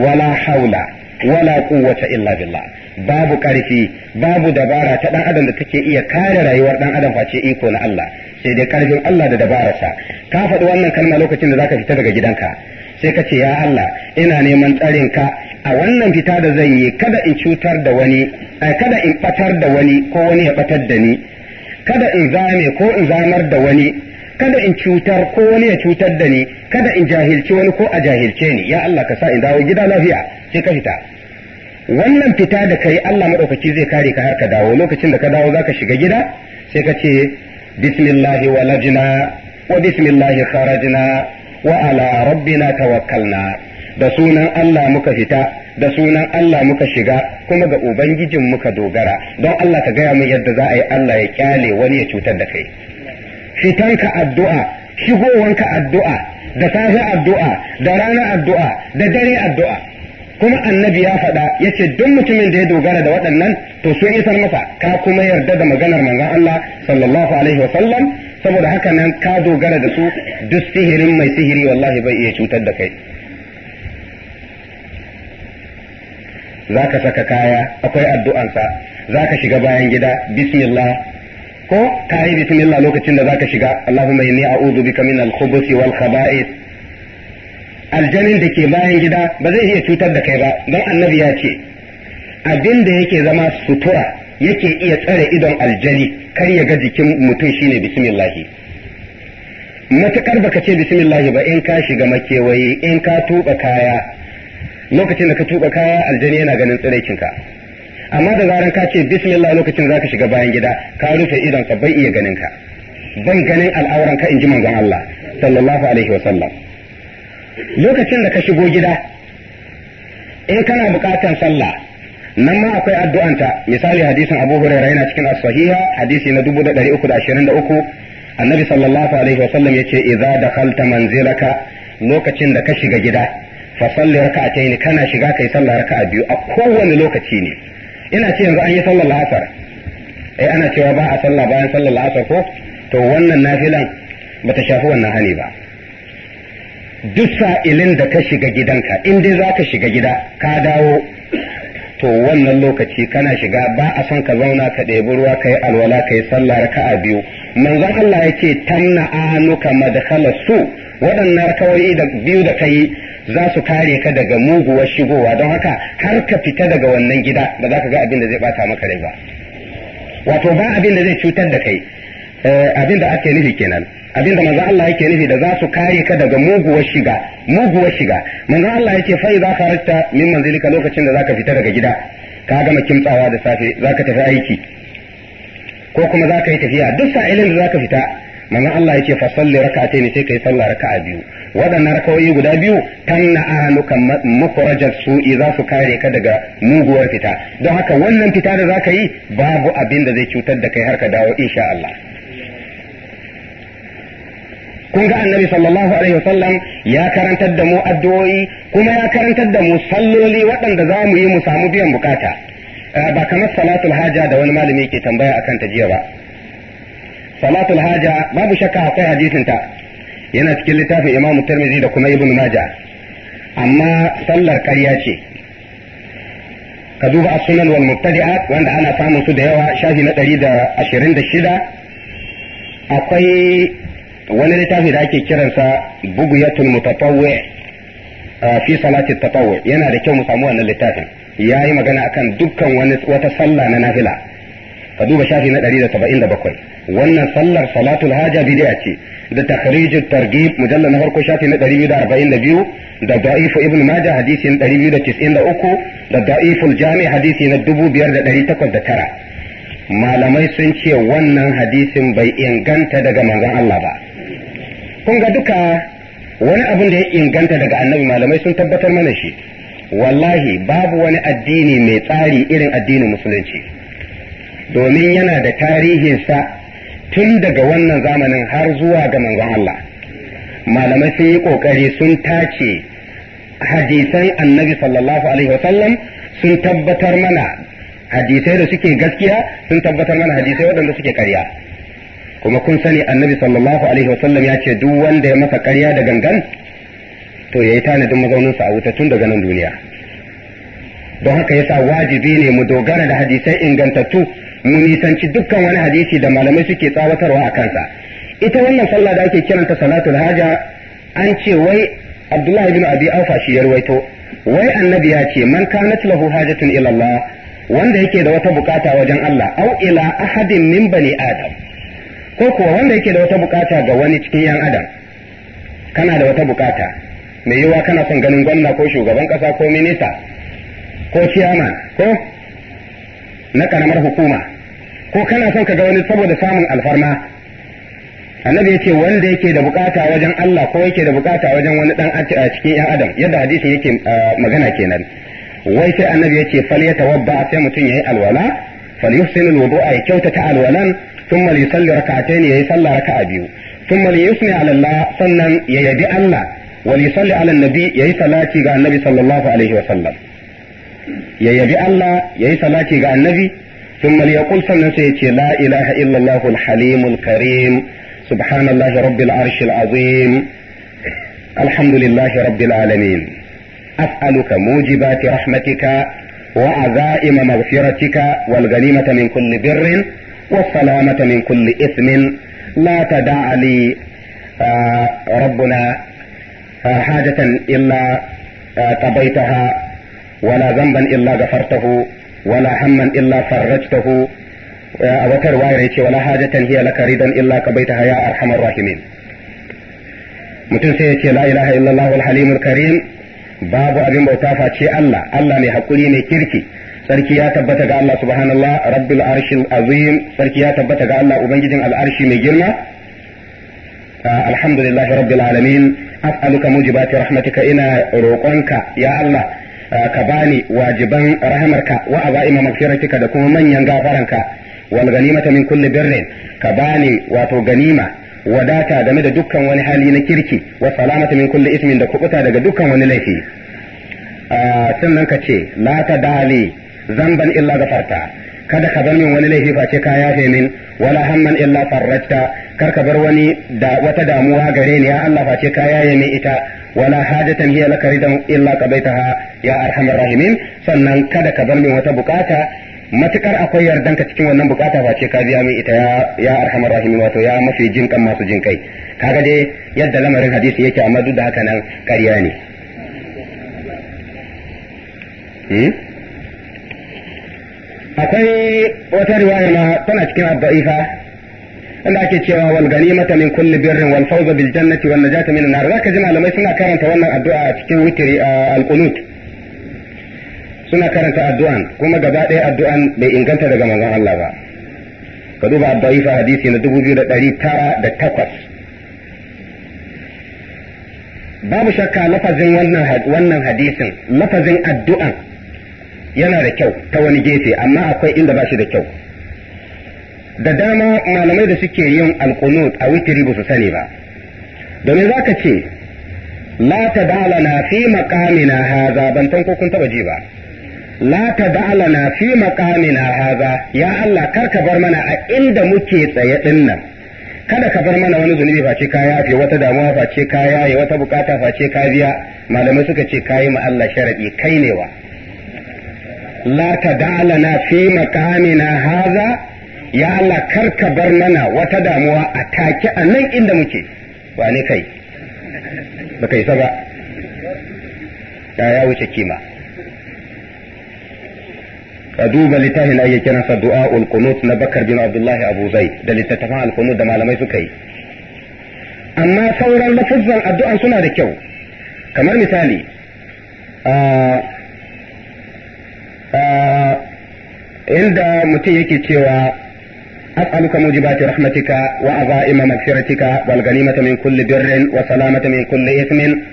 wala haula wala quwwata illa billah babu karfi babu dabara ta dan adam da take iya kare rayuwar dan adam face iko na Allah sai dai karfin Allah da dabararsa ka faɗi wannan kalma lokacin da zaka fita daga gidanka sai ka ce ya Allah ina neman tsarinka a wannan fita da zan yi kada in cutar da wani eh, kada in batar da wani ko wani ya batar da ni kada in zame ko in zamar da wani kada in cutar ko wani ya cutar da ni kada in jahilce wani ko a jahilce ni ya Allah ka sa in dawo gida lafiya sai ka fita wannan fita da kai Allah madaukaki zai kare ka har ka dawo lokacin da ka dawo zaka shiga gida sai ka ce bismillah walajna wa bismillah kharajna wa ala rabbina tawakkalna da sunan Allah muka fita da sunan Allah muka shiga kuma ga ubangijin muka dogara don Allah ka gaya mun yadda za a yi Allah ya kyale wani ya cutar da kai fitanka addu'a shigowanka addu'a da safe addu'a da rana addu'a da dare addu'a kuma annabi ya faɗa ya ce duk mutumin da ya dogara da waɗannan to sun isar masa ka kuma yarda da maganar manzon Allah sallallahu alaihi wa sallam saboda haka nan ka dogara da su duk sihirin mai sihiri wallahi bai iya cutar da kai za ka saka kaya akwai addu'ansa za ka shiga bayan gida bismillah ko ka yi bismillah lokacin da za ka shiga Allahumma inni a'udhu bika min al-khubuthi wal khaba'ith aljanin da ke bayan gida ba zai iya cutar da kai ba don annabi ya ce abin da yake zama sutura yake iya tsare idon aljani kar ya ga jikin mutum shine bismillahi matukar baka ce bismillahi ba in ka shiga makewayi in ka tuba kaya lokacin da ka tuka kaya aljani yana ganin ka amma da zaran ka ce bismillah lokacin za ka shiga bayan gida ka rufe idon ka bai iya ganin ka bai ganin al'auran ka in ji manzon Allah sallallahu alaihi wa sallam lokacin da ka shigo gida in kana bukatar sallah nan ma akwai addu'anta misali hadisin Abu Hurairah yana cikin as-sahiha hadisi na 323 annabi sallallahu alaihi wa sallam yace idza dakhalta manzilaka lokacin da ka shiga gida fa salli raka'atayn kana shiga kai sallah raka'a biyu a kowane lokaci ne ina ce yanzu an yi sallar la'asar eh ana cewa ba a sallah bayan sallar la'asar ko to wannan nafilan ta shafi wannan hani ba duk sa'ilin da ka shiga gidanka in dai za ka shiga gida ka dawo to wannan lokaci kana shiga ba a son ka zauna ka ɗebi ruwa ka yi alwala ka yi sallah a biyu manzon Allah yake tanna ahanuka madkhala su waɗannan kawai da biyu da kai za su kare ka daga muguwar shigowa don haka har ka fita daga wannan gida ba za ka ga abin da zai bata maka rai ba wato ba abin da zai cutar da kai Eh, abin da ake nufi kenan abin da manzo Allah yake nufi da za su kare ka daga muguwar shiga muguwar shiga manzo Allah yake fa idza kharajta min manzilika lokacin da zaka fita daga gida ka gama kimtsawa da safe zaka tafi aiki ko kuma zaka yi tafiya duk sa'ilin da zaka fita manzo Allah yake fa salli rak'atayn sai kai sallah rak'a biyu waɗannan rakawoyi guda biyu tanna ahanuka mukhrajat su'i za su kare ka daga muguwar fita don haka wannan fita da zaka yi babu abin da zai cutar da kai har ka dawo insha Allah kun ga annabi sallallahu alaihi wasallam ya karantar da mu addu'o'i kuma ya karantar da mu salloli waɗanda za mu yi mu samu biyan bukata eh, ba kamar salatul haja da wani malami ke tambaya akan ta jiya ba salatul haja babu shakka akwai hadisin ta yana cikin littafin imamu tirmidhi da kuma ibnu majah amma sallar ƙarya ce ka duba as-sunan wal mubtadi'at wanda ana samun su da yawa shafi na 126 akwai wani littafi da ake kiransa bugiyatul mutatawwi fi salati tatawwi yana da kyau mu samu wannan littafin yayi magana akan dukkan wani wata sallah na nafila ka duba shafi na 177 wannan sallar salatul haja bid'a ce da takhrijut targhib mujallal na farko shafi na 242 da da'if ibn majah hadisi na 293 da da'iful jami hadisi na 5809 malamai sun ce wannan hadisin bai inganta daga manzon Allah ba kun ga duka wani abin da ya inganta daga annabi malamai sun tabbatar mana shi wallahi babu wani addini mai tsari irin addinin musulunci domin yana da tarihinsa tun daga wannan zamanin har zuwa ga manzon Allah malamai sun yi kokari sun tace hadisan annabi sallallahu alaihi wasallam sun tabbatar mana hadisai da suke gaskiya sun tabbatar mana hadisai waɗanda suke karya kuma kun sani annabi sallallahu alaihi wasallam ya ce duk wanda ya masa ƙarya da gangan to ya yi tanadin mazauninsa a wuta tun daga nan duniya don haka yasa wajibi ne mu dogara da hadisai ingantattu mu nisanci dukkan wani hadisi da malamai suke tsawatarwa a kansa ita wannan sallah da ake kiranta salatul haja an ce wai abdullahi bin abi aufa shi ya ruwaito wai annabi ya ce man kanat lahu hajatun ila Allah wanda yake da wata bukata wajen Allah au ila ahadin min bani adam ko kuwa wanda yake da wata bukata ga wani cikin yan adam kana da wata bukata mai yiwuwa kana son ganin gwamna ko shugaban kasa ko minista ko ciyaman ko na karamar hukuma ko kana son ka ga wani saboda samun alfarma annabi ya ce wanda yake da bukata wajen Allah ko yake da bukata wajen wani dan a cikin yan adam yadda hadisin yake ah, magana kenan wai sai annabi ya ce fal yatawabba sai mutum yayi alwala fal yuhsinu alwudu'a ya kyautata alwalan ثم ليصلي ركعتين يصلى ركعة بيو ثم ليثني على الله سنن يدي الله وليصلي على النبي يهي صلاة على النبي صلى الله عليه وسلم يدي الله يهي صلاة على النبي ثم ليقول سنن سيتي لا إله إلا الله الحليم الكريم سبحان الله رب العرش العظيم الحمد لله رب العالمين أسألك موجبات رحمتك وعزائم مغفرتك والغنيمة من كل بر والسلامة من كل إثم لا تدع لي آه، ربنا آه، حاجة إلا آه، قضيتها ولا ذنبا إلا غفرته ولا هما إلا فرجته وترواية ولا حاجة هي لك ريدا إلا قضيتها يا أرحم الراحمين mutum sai ya ce la ilaha illallah wal halimul karim babu abin bauta face Allah Allah mai hakuri kirki sarki ya tabbata ga Allah subhanallah rabbul arshil azim sarki ya tabbata ga Allah ubangijin al'arshi mai girma ah, alhamdulillahi rabbil alamin as'aluka mujibati rahmatika ina roƙonka ya Allah ah, ka bani wajiban rahamarka wa abaima magfiratika da kuma manyan gafaranka wal ganimata min kulli birrin ka bani wato ganima wadata game da dukkan wani hali na kirki wa salamata min kulli ismin da kubuta daga dukkan wani laifi ah, sannan ka ce la ta dali zamban illa gafarta kada ka bar min wani laifi face ka yafe min wala hamman illa farrajta kar ka bar wani da wata damuwa gare ni ya Allah face ka yaye min ita wala hajatan hiya laka ridan illa qabaitaha ya arhamar rahimin sannan kada ka bar min wata bukata matukar akwai yardan ka cikin wannan bukata face ka biya min ita ya arhamar rahimin wato ya mafi jin kan masu jin kai kaga dai yadda lamarin hadisi yake amma duk da haka nan ƙarya ne hmm? akwai wata riwaya ma tana cikin abba'ifa inda ake cewa wal ganimata min kulli birrin wal fawza bil jannati wan najata an nar zaka ji malamai suna karanta wannan addu'a a cikin witri al qunut suna karanta addu'an kuma gaba ɗaya addu'an bai inganta daga manzon Allah ba ka duba abba'ifa hadisi na 2908 babu shakka lafazin wannan wannan hadisin lafazin addu'an yana da kyau ta wani gefe amma akwai inda ba shi da kyau da dama malamai da suke yin alkunut a witiri ba su sani ba domin za ka ce la ta na fi na haza ban tan ko kun taba ji ba la ta na fi na haza ya Allah kar ka bar mana a inda muke tsaye din kada ka bar mana wani zunubi face ka yafe wata damuwa face ka yaye wata bukata face ka biya malamai suka ce kayi ma Allah sharadi kai ne wa Lata ta da'alana fi makamina haza ya kar ka bar mana wata damuwa a take a nan inda muke wane kai baka isa ba da ya wuce kima ka duba littafin ake kiransa du'a ulkunut na bakar bin abdullahi abu zai da littattafan alkunut da malamai suka yi amma sauran lafuzzan addu'an suna da kyau kamar misali ah, inda mutum yake cewa as'aluka mujibati rahmatika wa azaima magfiratika wal ganimata min kulli birrin wa salamata min kulli ismin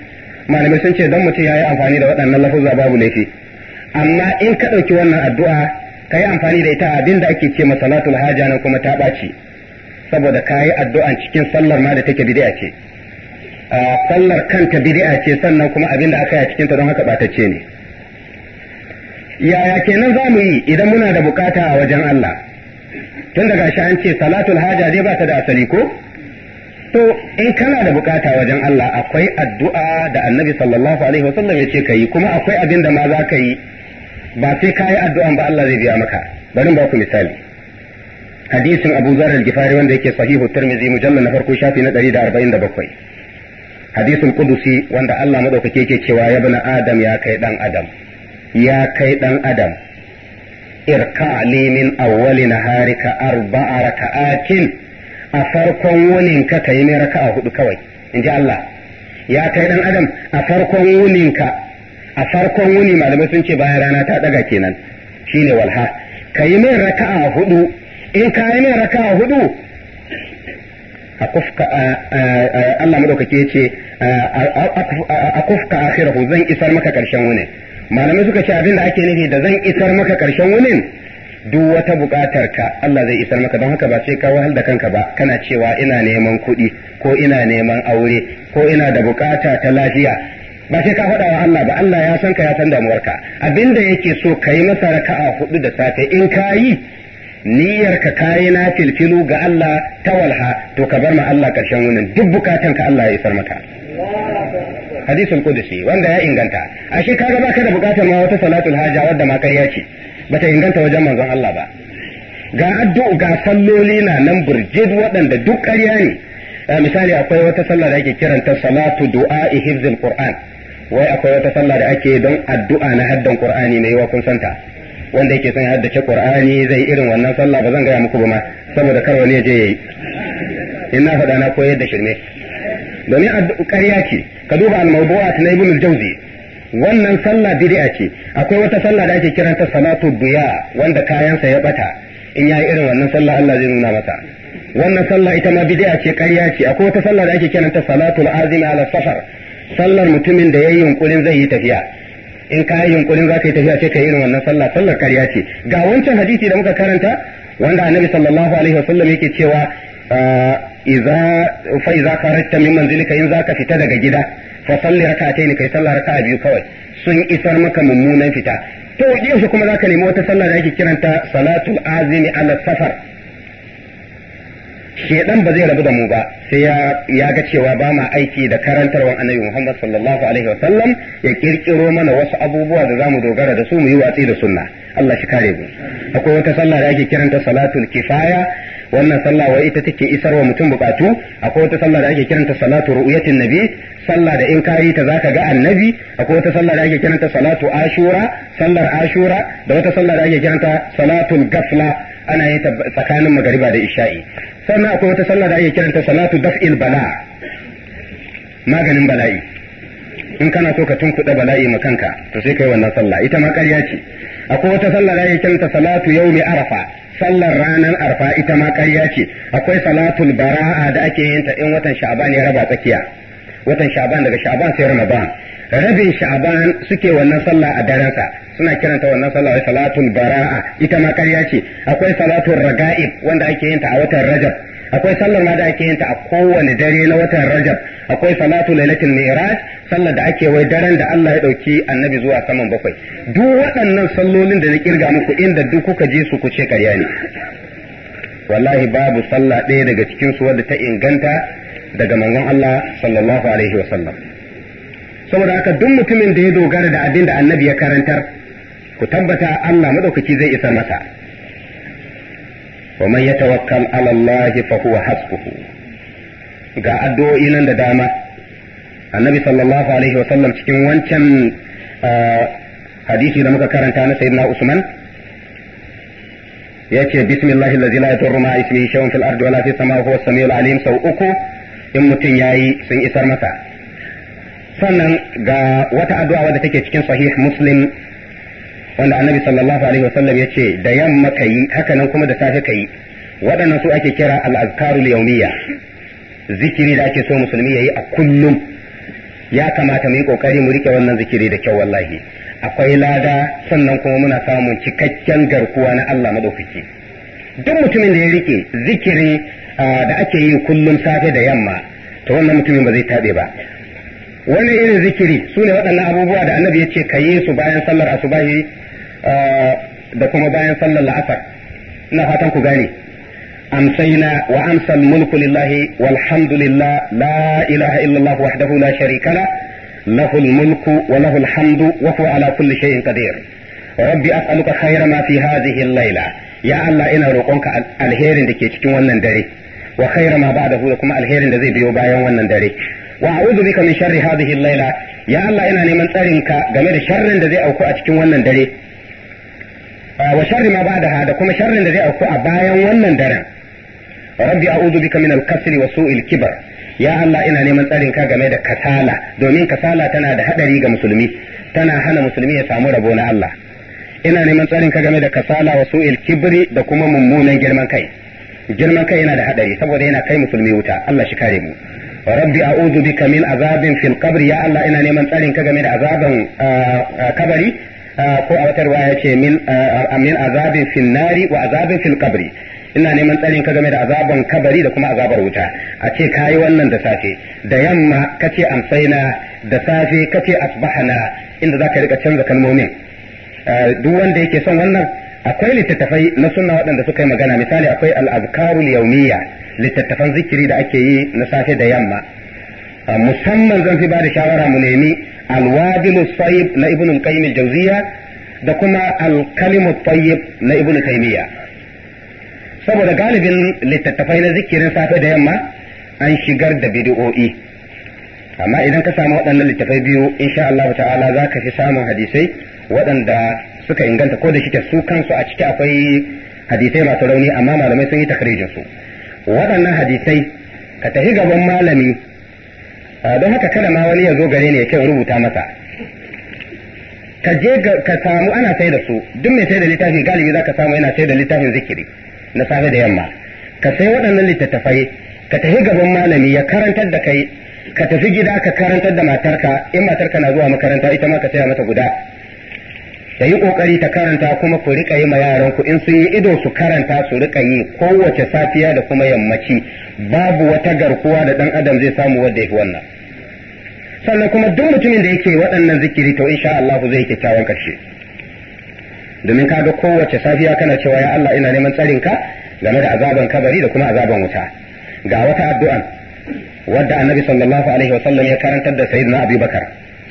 malamai sun ce dan mutum yayi amfani da waɗannan lafuzza babu laifi amma in ka ɗauki wannan addu'a ka yi amfani da ita abin da ake ce masalatul haja nan kuma ta ɓaci saboda ka yi addu'an cikin sallar ma da take bid'a ce sallar kanta bid'a ce sannan kuma abin da aka yi a cikinta don haka ce ne yaya kenan za mu yi idan muna da bukata a wajen Allah tun daga shi an ce salatul haja dai ba ta da asali ko to in kana da bukata wajen Allah akwai addu'a da annabi sallallahu alaihi wasallam ya ce ka yi kuma akwai abin da ma za ka yi ba sai ka yi addu'an ba Allah zai biya maka bari ba ku misali hadisin Abu Zar al-Gifari wanda yake sahihu Tirmidhi mujallal na farko shafi na 147 hadisin qudusi wanda Allah madaukake yake cewa ya bani adam ya kai dan adam ya kai ɗan adam irka limin awwali na harika arba'a raka'atin a farkon wuninka ka yi mai raka'a hudu kawai in ji Allah ya kai ɗan adam a farkon wuninka a farkon wuni malamai sun ce bayan rana ta ɗaga kenan shine walha ka yi mai raka'a hudu in ka yi mai raka'a hudu a kufka Allah madaukake ya ce a kufka akhirahu zan isar maka karshen wunin malamai suka ce abin da ake nufi da zan isar maka karshen wunin duk wata buƙatar ka Allah zai isar maka don haka ba sai ka wahal da kanka ba kana cewa ina neman kuɗi ko ina neman aure ko ina da buƙata ta lafiya ba sai ka faɗa wa Allah ba Allah ya san ka ya san damuwarka da yake so ka yi masa raka'a hudu da safe in ka yi niyyar ka kayi na filfilu ga Allah ta walha to ka bar ma Allah karshen wunin duk bukatan ka Allah ya isar maka hadisin kudusi wanda ya inganta ashe kaga baka da bukatar ma wata salatul haja wadda ma kariya ce ta inganta wajen manzon Allah ba ga addu'u ga salloli na nan burjid waɗanda duk ƙarya ne misali akwai wata sallah da ake kiranta salatu du'a hifzil qur'an wai akwai wata sallah da ake don addu'a na haddan qur'ani mai wa kun santa wanda yake son haddace qur'ani zai irin wannan sallah ba zan gaya muku ba ma saboda kar wani ya je yayi in na faɗa na koyar da shirme domin addu'a ƙarya ce ka duba al-mawdu'at na ibn al-jawzi wannan sallah bid'a ce akwai wata sallah da ake kiranta salatu duya wanda kayansa ya bata in yayi irin wannan sallah Allah zai nuna masa wannan sallah ita ma bid'a ce ƙarya ce akwai wata sallah da ake kiranta salatul azima ala safar sallar mutumin da yayi yunkurin zai yi tafiya in ka yi yunkurin za ka yi tafiya sai ka yi irin wannan sallah sallar ƙarya ce ga wancan hadisi da muka karanta wanda annabi sallallahu alaihi wasallam yake cewa idza fa idza kharajta min manzilika in zaka fita daga gida fa salli kai sallah raka'a biyu kawai sun isar maka mummunan fita to yaushe kuma zaka nemi wata sallah da ake kiranta salatul azimi ala safar shedan ba zai rabu da mu ba sai ya ga cewa ba ma aiki da karantarwar annabi Muhammad sallallahu alaihi wa sallam ya kirkiro mana wasu abubuwa da za mu dogara da su mu yi watsi da sunna Allah shi kare mu akwai wata sallah da ake kiranta salatul kifaya wannan sallah wai ita take wa mutum bukatu akwai wata sallah da ake kiranta salatu ru'yatin nabi sallah da in kayi ta zaka ga annabi akwai wata sallah da ake kiranta salatu ashura sallar ashura da wata sallah da ake kiranta salatul gafla ana yin ta tsakanin magariba da isha'i sannan akwai wata sallah da ake kiranta salatu daf'il bala maganin bala'i in kana so ka tunkuɗa bala'i ma kanka to sai kai wannan sallah ita ma ƙarya ce akwai wata sallah da ake kiranta salatu yawmi arafa sallar ranar arfa ita ma ƙarya ce akwai salatul bara'a da ake yin ta in watan sha'ban ya raba tsakiya watan sha'ban daga sha'ban sai ramadan rabin sha'ban suke wannan sallah a sa suna kiranta wannan sallah salatul bara'a ita ma ƙarya ce akwai salatul raga'ib wanda ake yin ta a watan rajab akwai sallar ma da ake yin ta a kowane dare na watan Rajab akwai salatu lailatul mi'raj sallar da ake wai daren da Allah ya dauki annabi zuwa saman bakwai duk waɗannan sallolin da na kirga muku inda duk kuka je su ku ce karya ne wallahi babu sallah ɗaya daga cikin su wadda ta inganta daga manzon Allah sallallahu alaihi wa sallam saboda haka duk mutumin da ya dogara da abin da annabi ya karantar ku tabbata Allah madaukaki zai isa masa wa يتوكل على الله فهو حسبه ga addu'o'i nan da dama annabi sallallahu alaihi wa sallam cikin wancan hadisi da muka karanta na sayyidina Usman yace bismillahi allazi la yadurru ma ismihi shay'un fil ardi wala fis samaa'i huwa as sau uku in mutun yayi sun isar masa sannan ga wata addu'a wadda take cikin sahih muslim wanda annabi sallallahu alaihi wasallam ya ce da yamma ka yi hakanan kuma da safe ka yi waɗannan su ake kira al'azkarul yaumiya zikiri da ake so musulmi ya yi a kullum ya kamata mu yi kokari mu rike wannan zikiri da kyau wallahi akwai lada sannan kuma muna samun cikakken garkuwa na Allah maɗaukaki duk mutumin da ya rike zikiri ah, da ake yi kullum safe da yamma to wannan mutumin ba zai taɓe ba wani irin zikiri su ne waɗannan abubuwa da annabi ya ce ka yi su bayan sallar asubahi ah, da kuma bayan sallar la'asar ina fatan ku gane amsaina wa amsal mulku lillahi walhamdulillah la ilaha illallah wahdahu la sharika la mulku wa lahul hamdu wa huwa ala kulli shay'in qadir rabbi as'aluka khayra ma fi hadhihi al-laila ya allah ina roƙonka alherin da ke cikin wannan dare wa khayra ma ba'dahu da kuma alherin da zai biyo bayan wannan dare wa a'udhu bika min sharri hadhihi al-laila ya Allah ina neman tsarin ka game da sharrin da zai auku a cikin wannan dare wa sharri ma ba'daha da kuma sharrin da zai auku a bayan wannan daren rabbi a'udhu bika min al-kasri wa su'il kibar ya Allah ina neman tsarin ka game da kasala domin kasala tana da hadari ga musulmi tana hana musulmi ya samu rabo na Allah ina neman tsarin ka game da kasala wa su'il kibri da kuma mummunan girman kai girman kai yana da hadari saboda yana kai musulmi wuta Allah shi kare mu rabbi a'udhu bika min azabin fil qabr ya Allah ina neman tsarin ka game da azaban ah, ah, kabari ah, ko a wata riwaya ce min azabin fil nari wa azabin fil ina neman tsarin ka game da azaban kabari da kuma azabar wuta a ce kayi wannan da safe da yamma kace amsaina da safe kace asbahana inda zaka rika canza kalmomin duk wanda yake son wannan akwai littattafai na suna waɗanda suka yi magana misali akwai alazkarul yaumiya littattafan zikiri da ake yi na safe da yamma musamman zan fi ba da shawara mu nemi alwadilu wabil na ibn qayyim da kuma alkalimu na ibn taymiya saboda galibin littattafai na zikirin safe da yamma an shigar da bid'o'i amma idan ka samu waɗannan littattafai biyu insha Allah ta'ala za ka fi samun hadisai waɗanda suka inganta ko da shike su kansu a ciki akwai hadisai masu rauni amma malamai sun yi takarijin su waɗannan hadisai ka tafi gaban malami don haka kada ma wani ya zo gare ne ya ce rubuta masa ka je ka samu ana sai da su duk mai sai da littafin galibi za ka samu yana sai da littafin zikiri na safe da yamma ka sai waɗannan littattafai ka tafi gaban malami ya karantar da kai ka tafi gida ka karantar da matarka in matarka na zuwa makaranta ita ma ka saya mata guda ta yi ƙoƙari ta karanta kuma ku riƙa yi ma yaranku in sun yi ido su karanta su riƙa yi kowace safiya da kuma yammaci babu wata garkuwa da ɗan adam zai samu wadda ya fi wannan sannan kuma duk mutumin da yake waɗannan zikiri to insha Allah zai kyakkyawan ƙarshe domin kaga kowace safiya kana cewa ya Allah ina neman tsarin ka game da azaban kabari da kuma azaban wuta ga wata addu'an wadda annabi sallallahu alaihi wasallam ya karantar da sayyidina abubakar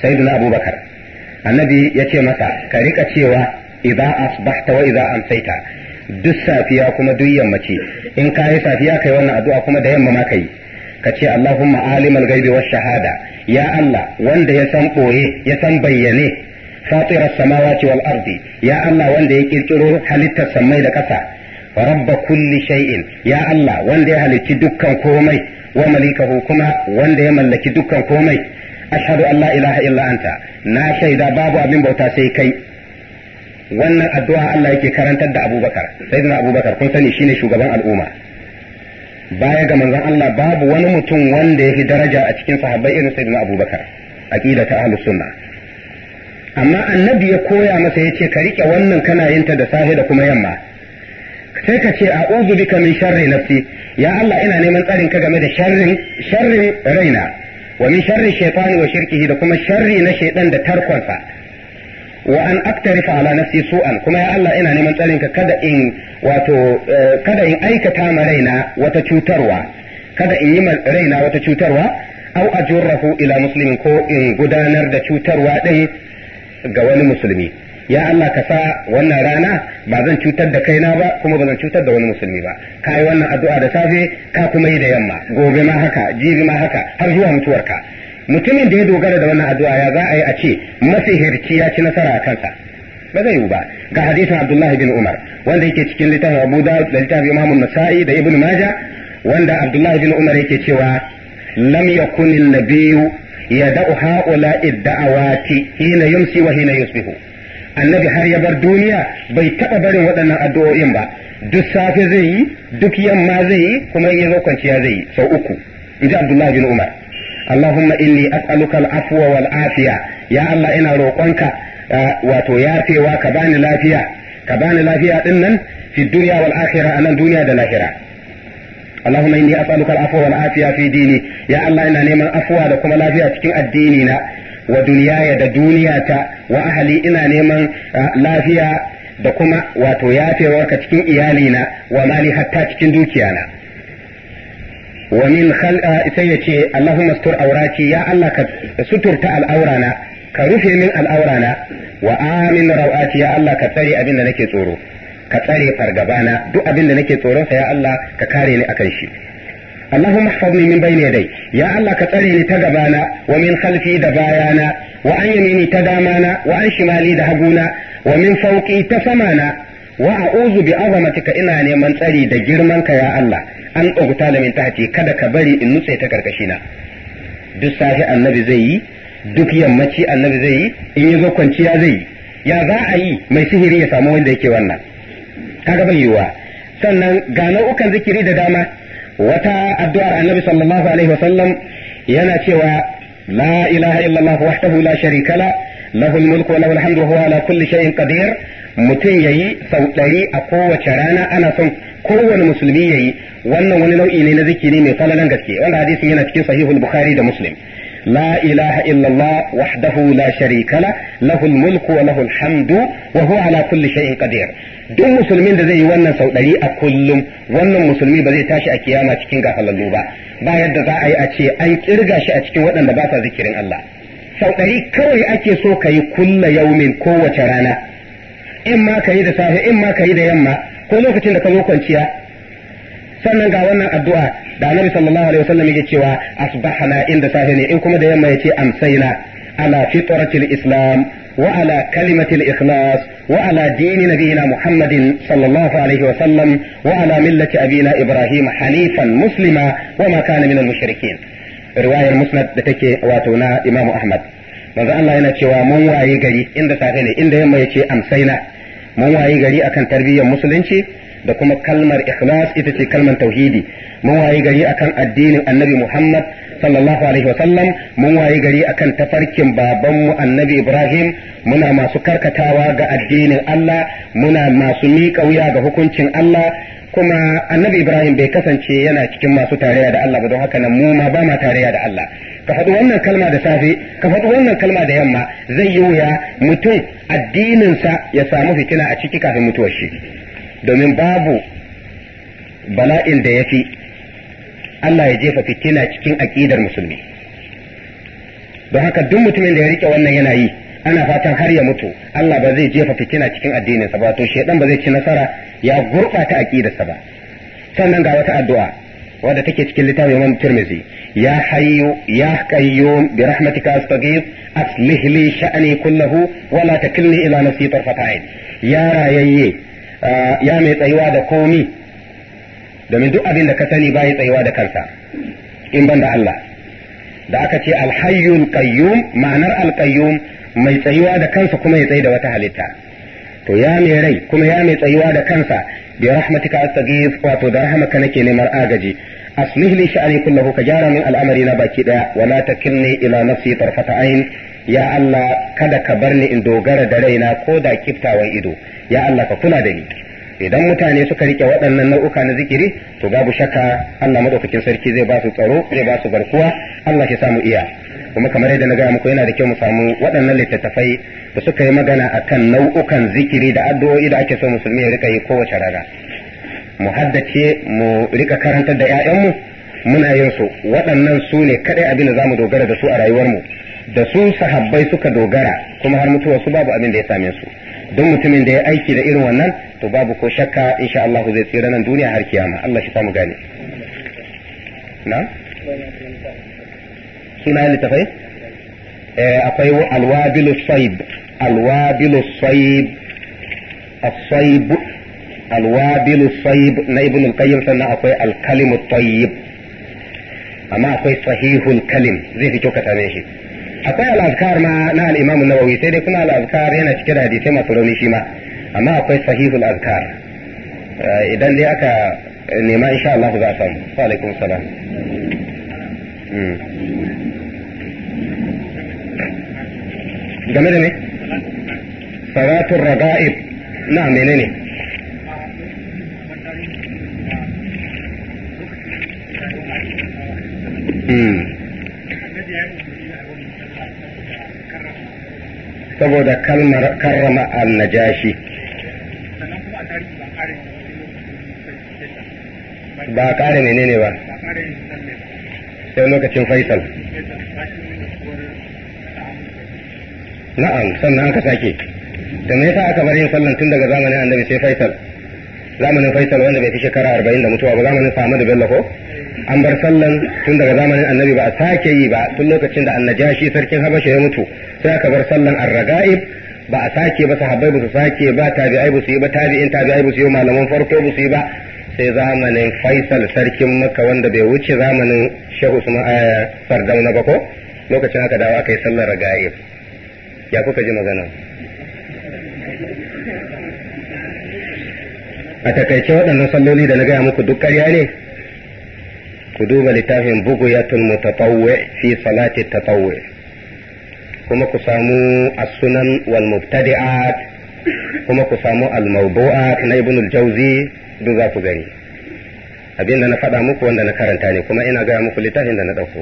sayyidina abubakar annabi ya ce masa ka rika cewa idza asbahta wa idza amsaita duk safiya kuma duk yammaci in ka yi safiya kai wannan addu'a kuma da yamma ma kai ka ce Allahumma alimal ghaibi wash shahada ya Allah wanda ya san boye ya san bayyane fatira samawati wal ardi ya Allah wanda ya kirkiro halittar samai da kasa rabba kulli shai'in ya Allah wanda ya halicci dukkan komai wamali malikahu wanda ya mallaki dukkan komai ashhadu an la ilaha illa anta na shaida babu abin bauta sai kai wannan addu'a Allah yake karantar da Abubakar sayyidina Abubakar kun sani shine shugaban al'umma baya ga manzon Allah babu wani mutum wanda ya yake daraja a cikin sahabbai irin sayyidina Abubakar aqida ta ahlus sunna amma annabi ya koya masa yace ka rike wannan kana yin ta da safe da kuma yamma sai ka ce a a'udhu bika min sharri nafsi ya Allah ina neman tsarin ka game da sharrin sharrin raina wa min sharri shaytani wa shirkihi da kuma sharri na shaiɗan da tarkonsa wa an aktarifa ala nafsi su'an kuma ya Allah ina neman tsarin ka kada in wato kada in aikata ma raina wata cutarwa kada in yi ma raina wata cutarwa au ajurrahu ila muslimin ko in gudanar da cutarwa ɗaya ga wani musulmi ya Allah ka sa wannan rana ba zan cutar da kaina ba kuma ba zan cutar da wani musulmi ba ka yi wannan addu'a da safe ka kuma yi da yamma gobe ma haka jibi ma haka har zuwa mutuwarka mutumin da ya dogara da wannan addu'a ya za a yi a ce masihirci ya ci nasara a kansa ba zai yiwu ba ga hadisin Abdullahi bin Umar wanda yake cikin littafin Abu Dawud da littafin Imam Nasa'i da Ibn Majah wanda Abdullahi bin Umar yake cewa lam yakun an-nabiyyu yad'u ha'ula'i daawati hina yumsi wa hina yusbihu annabi har ya bar duniya bai taɓa barin waɗannan addu'o'in ba duk safe zai yi duk yamma zai yi kuma in ya kwanciya zai yi sau uku in ji abdullahi bin umar allahumma inni as'aluka al'afwa wal afiya ya allah ina roƙonka wato yafewa ka bani lafiya ka bani lafiya din nan fi duniya wal akhirah anan duniya da lahira Allahumma inni اللهم إني أسألك fi dini ya Allah ina neman إنا da kuma lafiya cikin addini na. wa duniyaya da duniyata wa ahali ina neman lafiya da kuma wato yafewarka cikin iyalina wa mali hatta cikin dukiyana wa min sai ya ce Allahumma stur aurati ya Allah ka suturta al'aurana ka rufe min al'aurana wa amin rawati ya Allah ka tsare abin da nake tsoro ka tsare fargabana duk abin da nake tsoronsa ya Allah ka kare ni akan shi اللهم احفظني من بين يدي يا الله كتريني تغبانا ومن خلفي دبايانا وعن يميني تدامانا وعن شمالي دهبونا ومن فوقي تسمانا وأعوذ بعظمتك إنا نيمان تري دا جرمانك يا الله أن أغتال من تحتي كذا كبري إن نسي تكركشينا duk safe annabi zai yi duk yammaci annabi zai yi in ya zo kwanciya zai yi ya za a yi mai sihiri ya samu wanda yake wannan kaga bai yiwuwa sannan ga nau'ukan zikiri da dama wata addu'ar annabi sallallahu alaihi wa sallam yana cewa la ilaha illallah wahdahu la sharika la lahu mulku wa lahu alhamdu wa huwa ala kulli shay'in qadir mutun yayi sau ɗari a kowace rana ana son kowane musulmi yayi wannan wani nau'i ne na zikiri mai falalan gaske wanda hadisin yana cikin sahihul bukhari da muslim لا إله إلا الله وحده لا شريك له له الملك وله الحمد وهو على كل شيء قدير duk musulmin da zai yi wannan sau ɗari a kullum wannan musulmi ba zai tashi a kiyama cikin gafalallu ba ba yadda za a yi a ce an kirga shi a cikin waɗanda ba sa zikirin Allah sau ɗari kawai ake so ka yi kulla yaumin kowace rana in ma ka yi da safe in ma ka yi da yamma ko lokacin da ka zo kwanciya sannan ga wannan addu'a da annabi sallallahu alaihi wasallam yake cewa asbahana inda safe ne in kuma da yamma yace amsaina ala fitratil islam وعلى كلمة الإخلاص وعلى دين نبينا محمد صلى الله عليه وسلم وعلى ملة أبينا إبراهيم حنيفا مسلما وما كان من المشركين رواية المسند بتكي واتونا إمام أحمد manzo Allah yana cewa mun waye gari inda safe ne inda yamma yace amsaina mun waye gari akan tarbiyyar musulunci da kuma kalmar ikhlas ita ce kalmar tauhidi mun waye gari akan addinin annabi Muhammad sallallahu alaihi wa sallam mun waye gari akan tafarkin babanmu annabi Ibrahim muna masu karkatawa ga addinin Allah muna masu miƙa wuya ga hukuncin Allah kuma annabi Ibrahim bai kasance yana cikin masu tarayya da Allah ba don haka nan mu ma ba ma tarayya da Allah ka faɗi wannan kalma da safe ka faɗi wannan kalma da yamma zai yi wuya mutum addininsa ya samu fitina a ciki kafin mutuwar shi domin babu bala'in da ya fi Allah ya jefa fitina cikin aƙidar musulmi don haka duk mutumin da ya rike wannan yana yi ana fatan har ya mutu Allah ba zai jefa fitina cikin addininsa ba to shedan ba zai ci nasara ya gurɓata aƙidarsa ba sannan ga wata addu'a wadda take cikin littafin Imam Tirmidhi ya hayyu ya qayyum bi rahmatika astaghith aslih li sha'ni kullahu wa la takilni ila nafsi tarfata ya rayayye ah, ya mai tsayuwa da komi domin duk abin da ka sani ba ya tsayuwa da kansa in ban da Allah da aka ce alhayyul qayyum ma'anar alqayyum mai tsayuwa da kansa kuma ya tsaye da wata halitta to ya mai rai kuma ya mai tsayuwa da kansa bi rahmatika astaghif wato da rahmaka nake neman agaji aslih li sha'ani kullahu ka jara min al'amari na baki daya wa la takilni ila nafsi tarfata ayn ya Allah kada ka bar ni in dogara da raina ko da kiftawan ido ya Allah ka kula da ni idan mutane suka rike waɗannan nau'uka na zikiri to babu shakka Allah madaukakin sarki zai ba su tsaro zai ba su barkuwa Allah ya samu iya kuma kamar yadda na gaya muku yana da kyau mu samu waɗannan littattafai da suka yi magana akan nau'ukan zikiri da addu'o'i da ake so musulmi ya rika yi kowace rana mu haddace mu rika karantar da 'ya'yanmu muna yin su waɗannan su ne kaɗai abin da za mu dogara da su a rayuwarmu da su sahabbai suka dogara kuma har mutuwa su babu abin da ya same su don mutumin da ya aiki da irin wannan to babu ko shakka insha Allah zai tsira nan duniya har kiyama Allah shi samu gani. na suna eh, akwai alwabilu saib alwabilu saib الصيب الوابل الصيب القيم sannan akwai الكلم الطيب akwai sahihul kalim zai fito ka same shi akwai al ma na al-imam an-nawawi sai dai kuma al yana cike da hadisai masu rauni shi ma amma akwai sahihul azkar eh, idan dai aka nema insha Allah za a samu wa alaikum salam hmm. game da ne salatul raga'ib na menene Mm. saboda kalmar karrama annajashi ba kare menene ba sai lokacin faisal na'am sannan aka sake da me yasa aka bar yin sallan tun daga zamanin annabi sai faisal zamanin faisal wanda bai fi shekara arba'in da mutuwa ba zamanin samu da bello ko an bar sallan tun daga zamanin annabi ba a sake yi ba tun lokacin da annajashi sarkin habasha ya mutu sai aka bar sallan arraga'ib ba a sake ba sahabbai ba su sake ba tabi'ai ba su yi ba tabi'in tabi'ai ba su yi malaman farko ba su yi ba sai zamanin faisal sarkin makka wanda bai wuce zamanin shehu usman eh, sardauna ba ko lokacin aka dawo aka yi sallar raga'ib ya kuka ji magana a takaice waɗannan salloli da na gaya muku duk ƙarya ne ku duba littafin bugu ya tun mutatawwi fi salati tatawwe kuma ku samu as-sunan wal mubtadi'at kuma ku samu al-mawdu'at na ibn al-jawzi duk za ku gani abinda na faɗa muku wanda na karanta ne kuma ina gaya muku littafin da na ɗauko